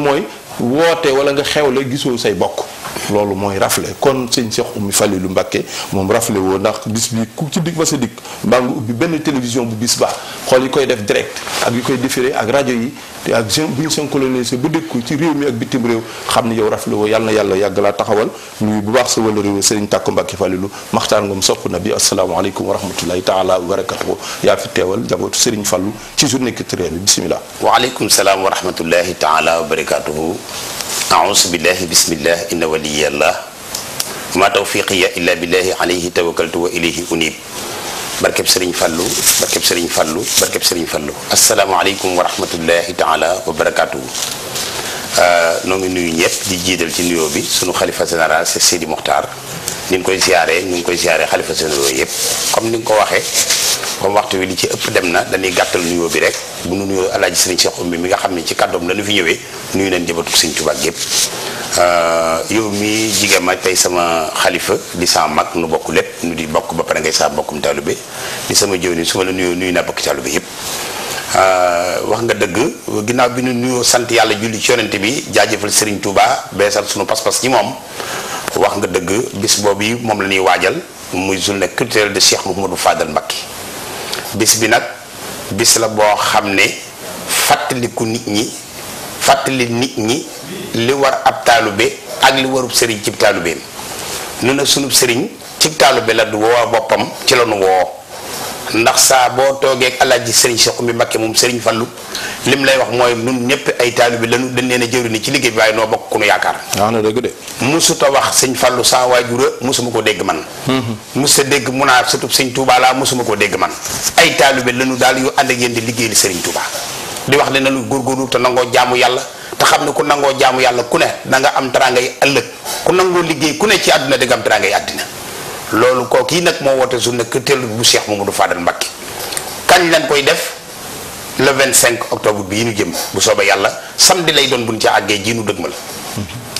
woote wala nga xewle gisoo say bokk loolu mooy rafle kon sëñ Cheikh Oumy Falilou Mbacké moom rafle woo ndax bis bi ku ci dikk ba sa dikk mbaa nga ubbi benn télévision bu bis ba xool yi koy def direct ak yi koy ak rajo yi te ak gen bu ñu synchronisé bu dëkk ci réew mi ak bitim réew xam ne yow rafle woo yàlla na yàlla yàgg laa taxawal nuyu bu baax sa wala réew sëriñ Tàkku Mbacké Falilou maxtaan ngom sopp na bi asalaamaaleykum wa rahmatullahi taala wa barakatuhu yaa fi teewal jabootu sëriñ Fallu ci journée culturelle bi bisimilah waaleykum salaam wa rahmatullahi taala wa barakatuhu أعوذ بالله بسم الله إن ولي الله وما توفيقي إلا بالله عليه توكلت وإليه أنيب بركب سرين فلو بركب سرين فلو بركب سرين فلو السلام عليكم ورحمة الله تعالى وبركاته آه، نومي نيو نيب دي جيدل تي نيو خليفه جنرال سيدي مختار ñu ngi koy siyaaree ñu ngi koy siyaaree xalifa généraux yëpp comme ni nga ko waxee comme waxtu wi li ci ëpp dem na dañuy gàttal nuyoo bi rek bu nu nuyoo alaaji sëriñ Cheikh Oumy mi nga xam ne ci kàddoom la ñu fi ñëwee nuyu nañ njabootu sëriñ Tuubaa yëpp euh, yow mi jigéen ma tey sama xalifa di sama mag nu bokk lépp nu di bokk ba pare ngay saa bokkum taalibe di sama jëw ni su ma la nuyoo nuyu naa bokk bi yëpp euh, wax nga dëgg ginnaaw bi nu nuyoo sant yàlla julli ci yonante bi jaajëfal sëriñ Tuubaa beesal sunu pas-pas ci moom wax nga dëgg bis boobu yi moom la ñuy waajal muy journée culturelle de Cheikh Mouhamadou Fadal Mbacké bis bi nag bis la boo xam ne fàttaliku nit ñi fàttali nit ñi li war ab bi ak li warub sëriñ cib bi nu ne sunub sëriñ cib taalube la du woo boppam ci la nu woo ndax saa boo toogee ak alaaji sëriñ Cheikh Oumy Mbacké moom sëriñ Fallu lim lay wax mooy nun ñëpp ay taalibe lañu dañ leen a jëwriñ ci liggéey bi waaye noo bokk ku nu yaakaar wax ah, na dëgg de musuta wax sëñ Fallu saa waajura musuma ko dégg man musuta mhm. dégg mun naa sëtub sëñ Touba laa suma ko dégg man ay taalibe lañu daal yu ànd ak yéen liggéey liggéeyal sëriñ Touba di wax ne nañu góorgóorlu te nangoo jaamu yàlla te xam ne ku nangoo jaamu yàlla ku ne da nga am teraangay ëllëg ku nangoo liggéey ku ne ci àdduna da nga am teraangay loolu kooku yi nag moo woote su nekk teelu bu seex moom du Mamadou Fadal Mbacké kañ lañ koy def le 25 octobre bii yi jëm bu soobee yàlla samedi lay doon buñ ci àggee ji nu dëgmal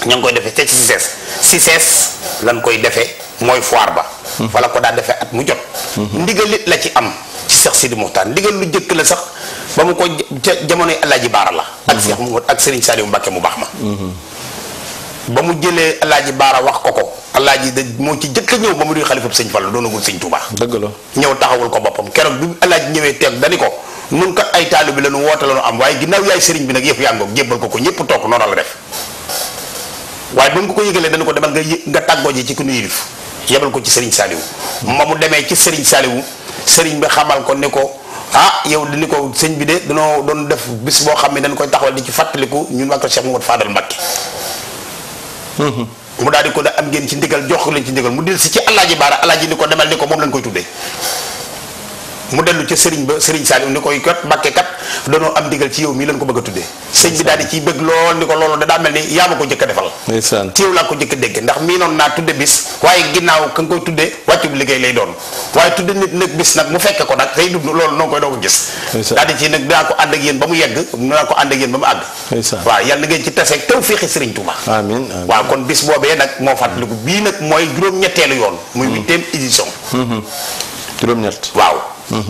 ña ngi koy defee ca ci si Cissesse lañ koy defee mooy foire ba fa la ko daa defee at mu jot ndigal it la ci am ci Cheikh Sidi Moukhtar ndigal lu jëkk la sax ba mu ko ca jamonoy Alaaji Baara la ak Cheikh Mamadou ak Serigne Saliou Mbacké mu baax ma ba mu jëlee alaaji baara wax ko ko alaaji da moo ci jëkk a ñëw ba mu di xalifab sëñ Fallu doonagul sëñ Tuubaa dëgg la ñëw taxawul ko boppam keroog bi alaaji ñëwee teeg dani ko nun kat ay taalu bi la nu woote la nu am waaye ginnaaw yaay sëriñ bi nag yëpp yaa ngoog ko ko ñëpp toog noonu la def waaye ba mu ko yëgalee dañu ko demal nga nga tàggoo ji ci ku nu yilif yebal ko ci sëriñ Saaliwu ma mu demee ci sëriñ Saaliwu sëriñ bi xamal ko ni ko ah yow di ni ko sëñ bi de danoo doon def bis boo xam ne dañ koy taxawal di ci fàttaliku ñun waa ko Cheikh Mouhamed Fadal Mbacké mu daal di am ngeen ci ndigal jox ko leen ci ndigal mu del ci alaaji baara alaaji ni ko demal ni ko moom lañ koy tuddee mu dellu ca Serigne ba Serigne Saliou ni koy kat Mbàkke kat danoo am digal ci yow mii lañ ko bëgg a tuddee sëñ bi daal di ciy bëgg lool ni ko loolu da daa mel ni yaa ko njëkk a defal ci yow laa ko njëkk a dégg ndax mii noonu naa tudde bis waaye ginnaaw ka nga koy tudde wàccub liggéey lay doon waaye tudde nit nag bis nag mu fekke ko nag tey dund loolu noonu koy doo ko gis daal di ci nag dinaa ko ànd ak yéen ba mu yegg dinaa ko ànd ak yéen ba mu àgg waaw yàlla na ngeen ci taseeg taw fiixi Serigne Touba amiin waaw kon nag moo fàttaliku bii nag mooy juróom-ñetteelu yoon muy hmm. huitième édition hmm, hmm. juróom waaw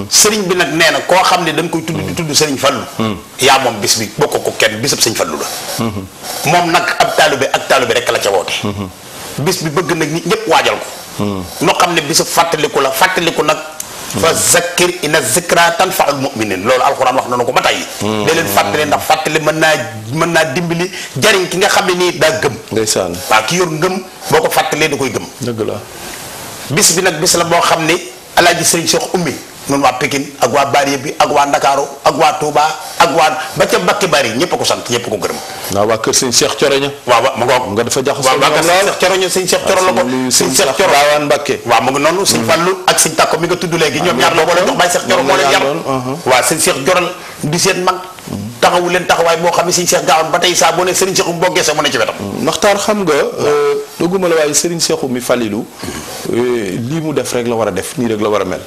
sëriñ bi nag nee na koo xam ne dañ koy tudd di tudd sëriñ Fallu yaa moom bis bi bokk ko kenn bisab sëriñ Fallu la moom nag ab taalibe ak taalibe rek la ca woote bis bi bëgg nag nit ñëpp waajal ko noo xam ne bi bisab fàttaliku la fàttaliku nag fa zakkir ina zikra tanfaul muminin loolu alxuraan wax nañu ko ba tey da leen fàttali ndax fàttali mën naa mën naa dimbali jariñ ki nga xam ne nii daa gëm ndeysaan ki yor ngëm boo ko fàttalee da koy gëm dëgg la bis bi nag bis la boo xam ne alaaji sëriñ Cheikh ummi ñun waa Pikine ak waa Bariye bi ak waa Ndakaaru ak waa Touba ak waa ba ca Bakki Bari ñëpp ko sant ñëpp ko gërëm. waaw waa kër sëñ Cheikh Coroña. waaw waaw ma ngoog nga dafa jaxasoo ñoom lool waaw kër sëñ Cheikh Coroña mm-hmm. mi nga tudd léegi ñoom mm-hmm. ñaar la boole jox Baay Cheikh mm-hmm. di seen mag taxawu leen taxawaay boo xam ne sëñ Cheikh Gaawaan ba tey saa boo ne sëriñ Cheikh boo gese mu ne ci wetam Maxtaar xam nga euh, dëgguma la waaye sëriñ Cheikh mi Falilu euh, lii mu def rek la war a def nii rek la war a mel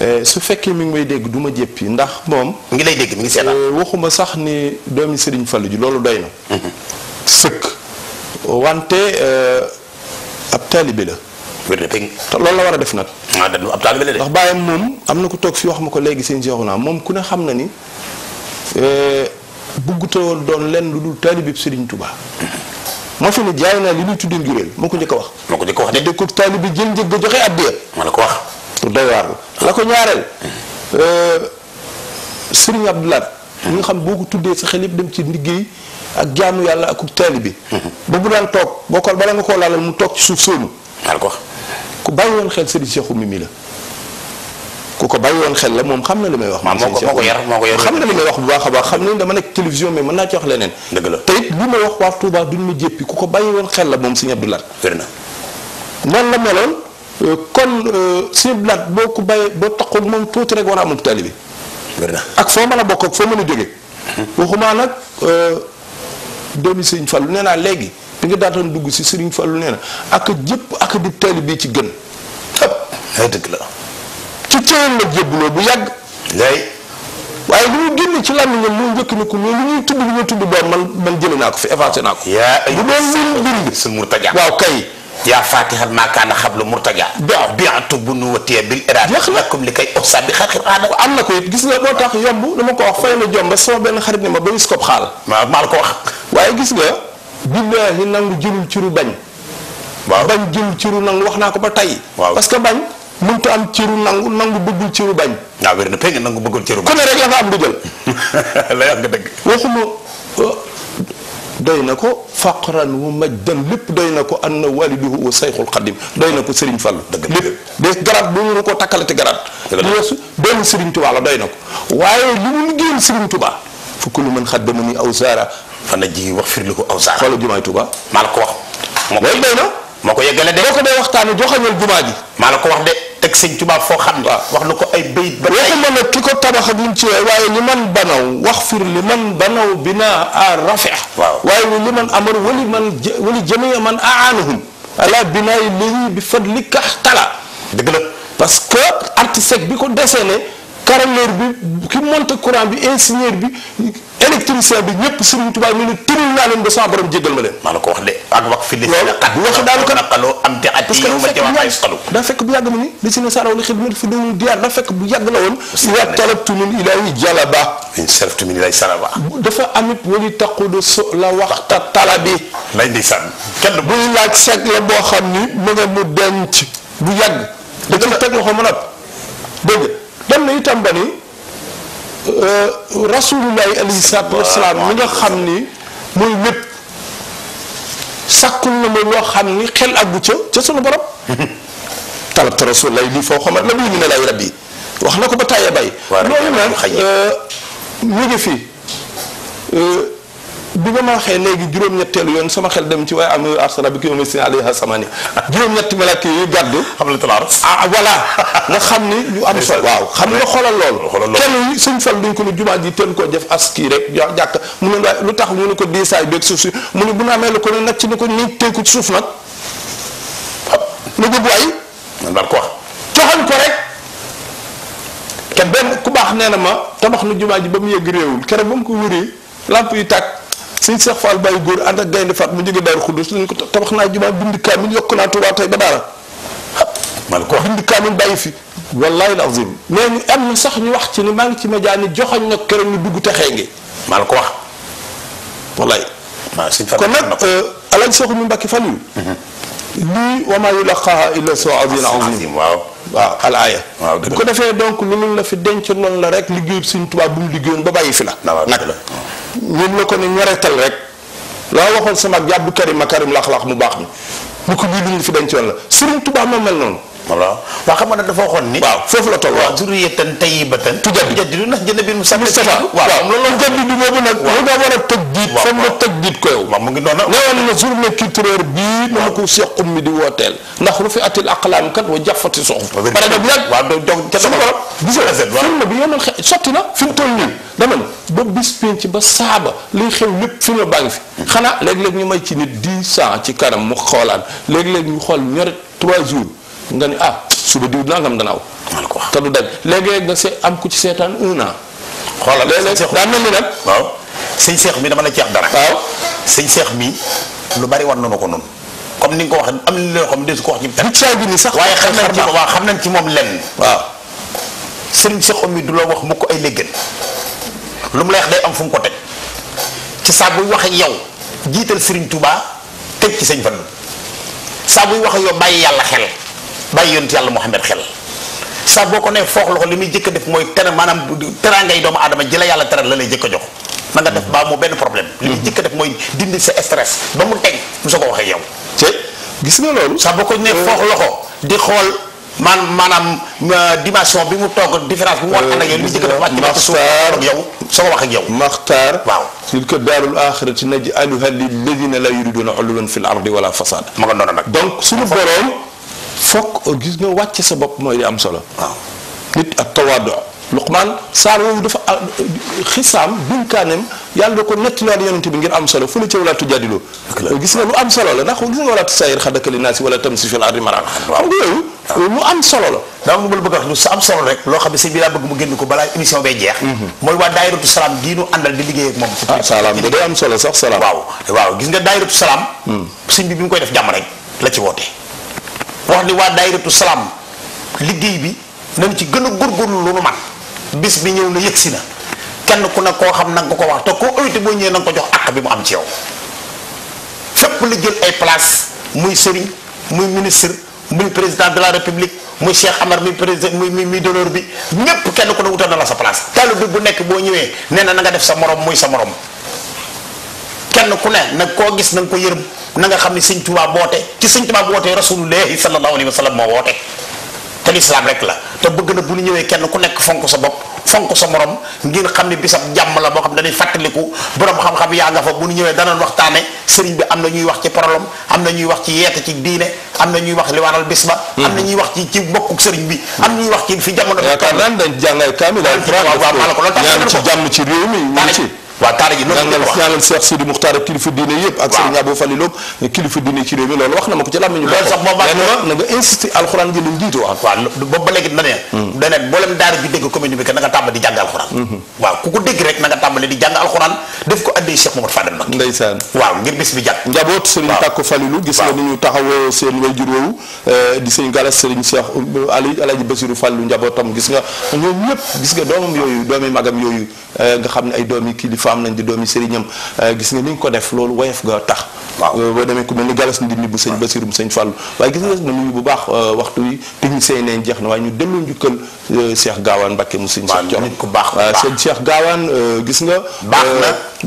Eh, su fekkee mi ngi may dégg duma ma jéppi ndax moom. mi ngi lay dégg mi ngi seetaan eh, waxuma sax ni doomi Serigne Fallou ji loolu doy na. Mhm. sëkk. wante eh, ab taalibe la. wér te loolu la war a def nag. ah dañu ab taalibe la de. ndax bàyyam moom am na ko toog fi wax ma ko léegi seen jeexu naa moom ku ne xam na ni buggutoo doon lenn lu dul taalibe Serigne tubaa mhm. moo fi ne jaay naa li ñuy tuddee Juréel moo ko njëkk a wax. moo ko njëkk wax de. di dëkk taalibe jël njëg ga joxe addiya. ma la ko wax. pour doy waar la. la ko ñaareel. Euh, Serigne Abdoulaye. ñi nga xam boo ko tuddee sa xel yëpp dem ci liggéey ak jaamu yàlla ak taali bi. Mhm. ba bu daan toog boo ko bala nga koo laalal mu toog ci suuf sóonu. d'accord ku bàyyi woon xel Serigne Cheikhou Mimi la. ku ko bàyyi woon xel la moom xam na li may wax. moo ko moo ko yar moo xam na li wax bu baax a baax xam ne dama nekk télévision mais mën naa ci wax leneen. dëgg la te li ma wax waa Touba duñ ma jéppi ku ko bàyyi woon xel la moom Serigne Abdoulaye. wér na noonu la meloon. Euh, kon euh, sëñ Blaat boo ko bàyyee boo taxul moom tuuti rek war a amul taalibe ak foo mën a bokk ak foo mën a jóge waxumaa nag euh, doomi sëriñ Fallu nee naa léegi bi nga daataan dugg si sëriñ Fallu nee ak jëpp ak di taalibe ci gën ay ci cëyal la jébbaloo bu yàgg lay waaye lu ñu ci làmmiñam mu njëkk ni ko mais lu ñuy tudd naa ko fi effacé naa ko bu waaw kay yaa fatihal maakaana xablu murtaja biatu bu nu watiyee bil iraad yàq lakum li kay osa bi xaqir aana am na ko it gis nga moo tax yomb dama ko wax fay na jomba sama benn xarit ne ma ba wis kob xaal maa maa la ko wax waaye gis nga billaahi nangu jëlul ciru bañ waaw bañ jëlul ciru nangu wax naa ko ba tey parce que bañ mënut am ciru nangu nangu bëggul ciru bañ waaw wér na pé nangu bëggul ciru bañ ku ne rek la fa am dugal la yàgg dëgg waxuma doy na ko faqran wu majdan lépp doy na ko anna waliduhu sayxul xadim doy na ko Serigne Fallou. dëgg la lépp de garaat boo mënu koo takkalati garaat. dëgg la su doon Serigne Touba la doy na ko waaye li mu liggéeyal Serigne Touba fu kullu man xaddama ni aw saara. fan la ji wax firli ko aw saara. xoolal jumaay Touba maa la ko wax. moom doy na. mako ko yeggale de boo ko dee waxtaane joxañal juma ji malako wax de tek sëñ Tuubaa fo xam waaw wax na ay beuy ba waxuma la ki ko tabax ak lim ci waye ni man banaw wax fir li man banaw bina a rafi waye ni man amar wali man wali jamia man a'anuhum ala bina li bi fadlika tala deug la parce que artiste bi ko dessiné carreleur bi ki monte courant bi ingénieur bi électricien bi ñëpp Serigne Touba mi ne tërul naa leen ba sama borom jéggal ma leen. maa la ko wax de ak wax fi li waxu daanu ko naqaloo am te at yi ma jëwaat ay xalu daa fekk bu yàgg ma ni li si ne saara wala xidmat fi dawul diyaar daa fekk bu yàgg la woon wa talabtu min ilaahi jalaba in salaftu min ilaahi salaba dafa amit wali taqudu so la waxta talabi lay ndeysaan kenn buy laaj sag la boo xam ni mu nga mu denc bu yàgg da ci teg loxo ma nopp dégg dem na itam ba ni euh, rasulullahi alayhi salaatu wasalaam mi nga xam ni muy lépp sàkkul na ma loo xam ni xel ak bu ca ca sunu borom (laughs) talabta rasulullahi lii foo xamat la bii mi ne lay rabbi wax na ko ba tàyyee bay loolu nag euh, mu ngi fi euh, bi nga ma waxee léegi juróom-ñetteelu yoon sama xel dem ci waaye am arsala bi ki ma si alayha samani juróom-ñetti malaaka yu gàddu xam nga ah, ah, xam ni ñu am sol waaw xam nga xoolal loolu kenn suñ fal duñ ko ni jumaa ji teen koo def aski rek jàkk mu ne waaye lu tax mu ne ko diisaay beeg suuf si mu ne bu na amee la ko ne nag ci ni ko ni tey ko ci suuf nag na jub waay man daal ko wax joxoñ ko rek te benn ku baax nee na ma tabax nu jumaa ji ba mu yëgg réewul keroog ba ko wëree lamp yu tàkk sëñ Cheikh Fall Baye góor ànd ak gaynde faat mu jóge Daaru Xuddus nañ ko tabax naa jumaa bind kaamil yokk naa Tuubaa tey ba daara ma ne ko wax bind kaamil bàyyi fi wallahi alazim mais ñu am na sax ñu wax ci ni maa ngi ci média ni joxoñ na keroog ñu dugg texee ngi maa la ko wax wallahi kon nag euh, alaaj Seexu mu Mbàkke fan yu mhm. lii wa maa yulaqaahaa illa suu azim waaw waaw al aaya waaw bu ko defee donc loolu la fi denc loolu la rek liggéeyub Sëriñ tubaab bu mu liggéeyoon ba bàyyi fi la nag la ñoom la ko ne ñoretal rek laa waxoon sama jàbbu karim makarim laxlaax mu baax mi mu ko bii lu ñu fi dencoon la Sëriñ Tuubaa ma mel noonu waaw waaw xam nga dafa waxoon ni. waaw foofu la toll waaw zurriyatan tayyibatan. tujaddidu ndax jënd bi mu sax. waaw loolu la tujaddidu boobu nag. waaw lu nga war a tëj diit. waaw fan nga tëj diit ko yow. waaw mu ngi noonu newoon na journée culturelle bii. waaw na ko Cheikh Oumy di wooteel. ndax ru fi atil aqlaam kat wa jafati soxu. par exemple nag waaw doo jóg ca sama borom. gis nga film bi yoonal xe sotti na fi mu toll nii. dama ne ba bis penc ba saaba liy xew lépp film baa ngi fi. xanaa léeg-léeg ñu may ci nit dix cent ci kanam mu xoolaan léeg-léeg ñu xool ñore trois jours nga ni ah suba diw nangam dana aw. te du daj léeg-léeg nga see am ku ci seetaan un an. xoolal léeg-léeg daa mel ni nag. waaw sëñ seex mi dama la ceex dara. waaw sëñ seex mi lu bari war nañu ko noonu. comme ni nga ko waxee am na loo xam ne ko wax ci. bu caagi ni sax waaye xam nañ ci waaw xam nañ ci moom lenn. waaw sëriñ seex du la wax mu ko ay léggéen lu mu lay wax day am fu mu ko teg ci saa buy wax yow jiital sëriñ tubaa teg ci sëñ Fallu saa buy wax yow bàyyi yàlla xel. bàyyi yonent yàlla Muhammad xel sa boko ne fokh foox loxo li muy def moy tere manam teraangay doomu aadama ji la yàlla teral la lay jëkk jox ma nga def ba mu ben problème limi muy def moy dindi sa stress ba mu tegg mu soo ko waxee yow ci gis nga lolu sa boko ne fokh euh, loxo di xol man manam euh, dimension bi mu toog différence bu mo war ànd ak yow li muy jëkk def wàcc na ci suuf euh, yow soo wax ak yow maxtaar waaw tilka daarul axirati la yuriduna ulwan fil ardi wala fasada ma nga non nak donc suñu borom fokk gis nga wacc sa bop moy di am solo nit ak tawadu luqman saaru dafa dafa ah, xisaam kanem yalla dako ko nettilaat yonente bi ngir am solo fulu ci wala tu jadilu gis nga lu am solo la ndax gis nga walaatu sayir nas wala tam fil ardi maral am nga yooyu lu am solo la da ma bëgg wax lu am solo rek lo xamni ne bi la bëgg mu genn ko bala émission bay jeex moy mhm. wa dairatu salam gii nu andal di liggéey ak mom ah, salam da am solo sax salam waaw waaw gis nga dairatu salam hmm. sëñ bi bi mu koy def jam rek la ci wote wax ni waa daayiratu salaam liggéey bi nañ ci gën a góorgóorlu lu nu man bis bi ñëw na yëgsi na kenn ku na koo xam na nga ko wax te koo oyte boo ñëwee na nga ko jox àq bi mu am ci yow fépp la jël ay place muy sëriñ muy ministre muy président de la république muy Cheikh Amar muy président muy muy bi ñépp kenn ku ne wutal na la sa place taalibe bi bu nekk boo ñëwee nee na na nga def sa moroom muy sa morom kenn ku ne nag koo gis na ko yërëm na nga xam ne sëñ Tuubaa boote ci sëñ Tuubaa bootee rasulullahi sallallahu alayhi wa sallam moo woote te lislaam rek la te bëgg na bu ñu ñëwee kenn ku nekk fonk sa bopp fonk sa morom ngir xam ne bisab jàmm la boo xam dañuy fàttaliku borom xam-xam yaa nga fa bu ñu ñëwee danañ waxtaane sëriñ bi am na ñuy wax ci problème am na ñuy wax ci yeete ci diine am na ñuy wax li waral bis ba. am na ñuy wax ci ci bokkuk sëriñ bi. am na ñuy wax ci fi jamono. yaakaar naa ne dañ jàngal kaamil. waaw la ko loolu tax ci jàmm ci réew mi. waa Daara ji noonu la wax ñaanal Cheikh Sidi Moukhtar ak kilifa diine yëpp. ak Serigne Abou Falilou kilifa diine ci réew mi loolu wax na ma ko ci làmmiñu. loolu sax boobu ba léegi dana ne. Hmm. di jàng alxuraan. Hmm. waaw ko dégg rek na nga tàmbali di jàng waaw ngir bis bi jàpp. njaboot Serigne Tako Falilou. gis nga ni ñu taxawoo seen wayjur woowu eh, di sëñ Galas Serigne Cheikh Ali Basiru Fallu njabootam gis nga ñoom ñëpp gis nga doomam yooyu doomi magam yooyu Euh, nga xam ne ay doomi kilifaam lañ di doomi sëriñam euh, gis nga ni ñu ko def loolu woyof ga tax waaw euh, boo demee ku mel ni galas ndindi bu sëñ basirum sëñ fàllu waaye gis nga na nuyu bu baax waxtu yi technicien yi neen jeex na waaye ñu delloo njukkal Cheikh Gaawaan Mbàkke mu sëñ Cheikh Thioro ku baax sëñ Cheikh Gaawaan gis nga baax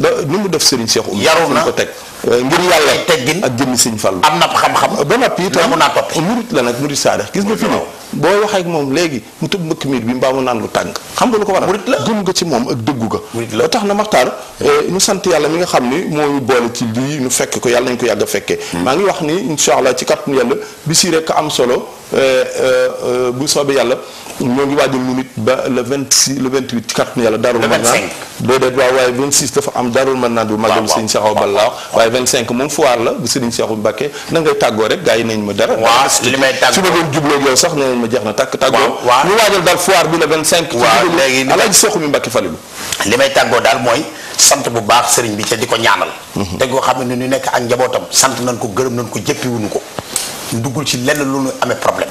na ni mu def sëriñ Cheikh um yaru na ko teg Euh, ngir yàlla teggin ak jëmmi sëñ Fallu am na xam-xam euh, ba noppi itam mun naa topp murit gis nga fi ne boo waxee ak moom léegi mu tëb mbëkk bi mbaa mu naan lu xam nga lu ko waral murit nga ci moom ak dëggu ga tax na maxtaar euh, ñu sant yàlla mi nga xam ni moo ñu boole ci lii ñu fekk ko yàlla nañ ko yàgg fekkee hmm. maa ngi wax ni incha allah ci kàttanu yàlla bi si rek am solo bu soobee yàlla ñoo ngi waajal ñu nit ba le 26 le 28 ci kàttanu yàlla daarul mën naan déedéet waaw waaye 26 dafa am daarul mën naan bu magal sëñ Saxaw Balla waaye 25 moom foire la bu Serigne Cheikh Mbacké nan ngay tàggoo rek gars yi nañ ma dara. su ma doon jubloo yow sax nee nañ ma jeex na tàggoo ñu waajal daal foire bi la 25. waaw léegi li Alaaji Cheikh Mbacké Falilou. li may tàggoo daal mooy sant bu baax Serigne bi te di ko ñaanal. Mhm. te goo xam ne ñu nekk ak njabootam sant nañ ko gërëm nañ ko jëppiwuñu ko duggul ci lenn lu ñu amee problème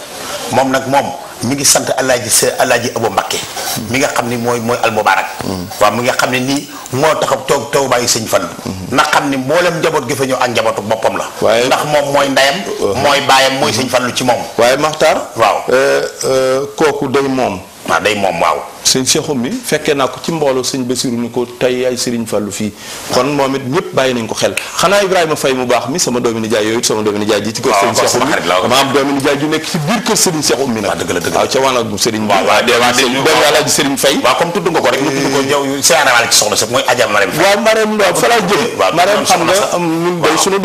moom nag moom mu ngi sant alaaji sa alaaji Abo Mbakke mi nga xam ni mooy mooy almubaarak waaw mi nga xam ne nii moo taxaw toog taw bàyyi sëñ fan na xam ni mboolem njaboot gi fa boppam la ndax moom mooy ndeyam uh-huh. mooy baayam mooy sëñ fan ci moom waaye maxtar waaw eh, eh, kooku day moom waa day moom waaw. sëñ Cheikhoum mi fekkee naa ko ci mbooloo sëñ Basiru ni ko tey ay Serigne Fallou fii kon moom it ñëpp bàyyi nañ ko xel xanaa a Faye mu baax mi sama doomi nijaay mi dama am doomi nijaay ju nekk ci biir kër Serigne Cheikhoum mi nag waaw dëgg la dëgg la xam nga ñun day suñu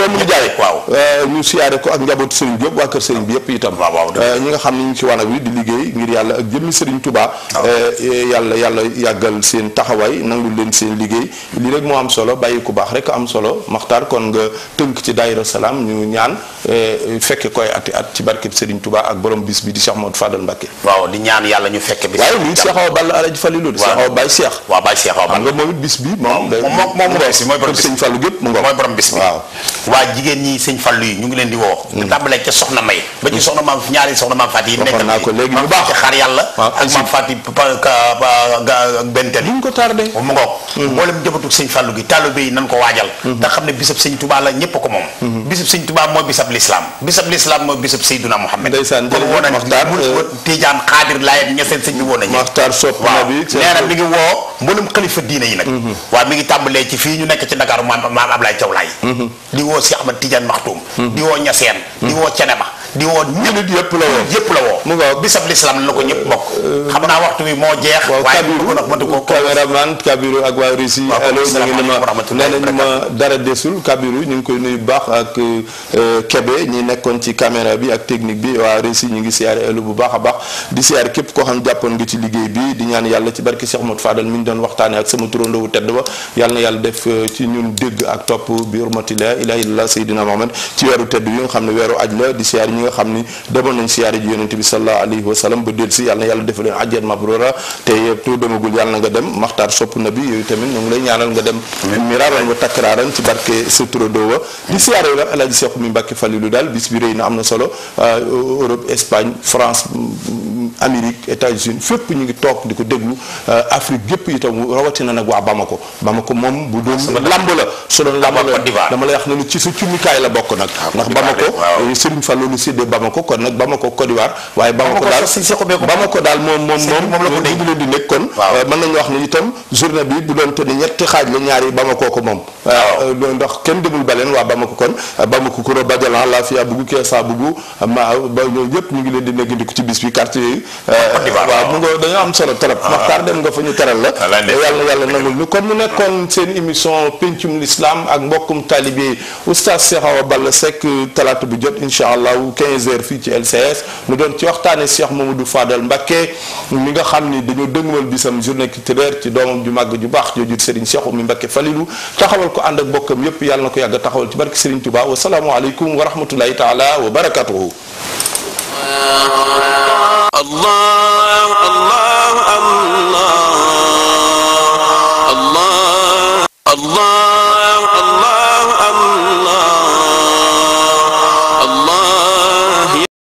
euh, ñu siyaare ko ak njabootu Serigne bi yëpp waa kër Serigne bi yëpp itam euh, ñi nga xam ne ñu ci wanag wi di liggéey ngir yàlla ak jëmmi Serigne Touba ah, eh, eh, yàlla yàlla yàggal seen taxawaay nangul leen seen liggéey li rek moo am solo bàyyi ku baax rek am solo maxtaar kon nga tënk ci daayira salaam ñu ñaan eh, fekke koy ati at ci barkeb Serigne Touba ak borom bis bi di Cheikh Modou Fadal Mbacké waaw di ñaan yàlla ñu fekke bis waaw li Cheikh Awa Balla Alaaji Falilu Cheikh Awa Baye Cheikh waaw Baye Cheikh Awa Balla nga moom it bis bi moom moom mooy borom bis bi sëñ Fallou gépp mu nga mooy borom bis bi waaw mm. mm. naa ko léegi bu baax xaar yàlla fam fati bentel ñu ko tardé mu ngok mbolem jëbatu seigne fallu gi talibé yi nan ko wajal hmm. ta xamné bisab seigne touba la ñepp ko mom hmm. bisab seigne touba moy bisab l'islam bisab l'islam moy bisab sayyiduna muhammad ndaysan jël wona maxtar tidiane eh. qadir layet ñessel seigne wona ñi maxtar sop nabi néna mi ngi wo mbolem khalifa diiné yi nak hmm. wa mi ngi tambalé ci fi ñu nekk ci dakar mam ablay tiawlay di wo cheikh ahmed tidiane maktoum di wo ñassène di wo ceneba di woo ñëpp yëpp la woo yëpp la woo. mu bisab lislaam la ko ñëpp bokk. xam naa waxtu wi moo jeex. waaw Kabiru caméraman Kabiru ak waa Russie. waaw ñu ngi ma nee nañu ma dara desul ñu ngi koy nuyu baax ak euh, Kebe ñi nekkoon ci caméra bi ak technique bi waa Russie ñu ngi siyaare elu bu baax a baax di siyaare képp ko xam jàppoon nga ci liggéey bi di ñaan yàlla ci barki Cheikh Modou Fadal mi ngi doon waxtaanee ak sama turandoo wu tedd ba yàlla na yàlla def euh, ci ñun dégg ak topp bi hurmati la ilaha illallah dina Muhammad ci weeru tedd yi xam ne weeru aj di ñi nga xam ni demoon nañ siyaare ji yonente bi sallallahu alayhi wa ba dellu si yàlla na leen ajjan mabrura te tout demagul yàlla nga dem maxtaar sopp na yooyu tamit ñu lay ñaanal nga dem miraaran wa takraaran ci barke sa turado wa di siyaare la alaaji Seex mi Mbàkke Falilu daal bis bi rëy na am na solo euh, Europe Espagne France Amérique États-Unis fépp ñu ngi toog di ko déglu euh, Afrique gépp itam rawatina nag waa Bamako Bamako moom bu doon ah, lamb la su doon lamb la dama lay wax la bokk nag ah, lycée de Bamako kon nag Bamako Côte d'Ivoire waaye Bamako daal Bamako daal moom moom moom moom bu leen di nekk kon euh, mën nañu wax ni itam journée bi bu doon te ni ñetti xaaj la ñaari Bamako ko moom euh, ndax kenn demul baleen waa Bamako kon euh, Bamako Koura Badialan Lafia Bougou Kessa Bougou ma ba ñooñu yëpp ñu ngi leen di néggandiku ah. kon mu nekkoon seen émission pencum l'islam ak mbokkum talibé oustaz Cheikh Awa Balla Seck bu jot incha allah quinze fii ci LCS ñu doon ci waxtaane Cheikh Mamadou Fadal Mbacké mi nga xam ni dañoo dëngumal bisam journée culturelle ci doomam ju màgg ju baax jooju Serigne Cheikh mi Mbacké Falilou taxawal ko ànd ak bokkam yépp yàlla na ko yàgg a taxawal ci barke Serigne Touba wasalaamualeykum wa rahmatulahi taala wa barakatuhu Allah Allah Allah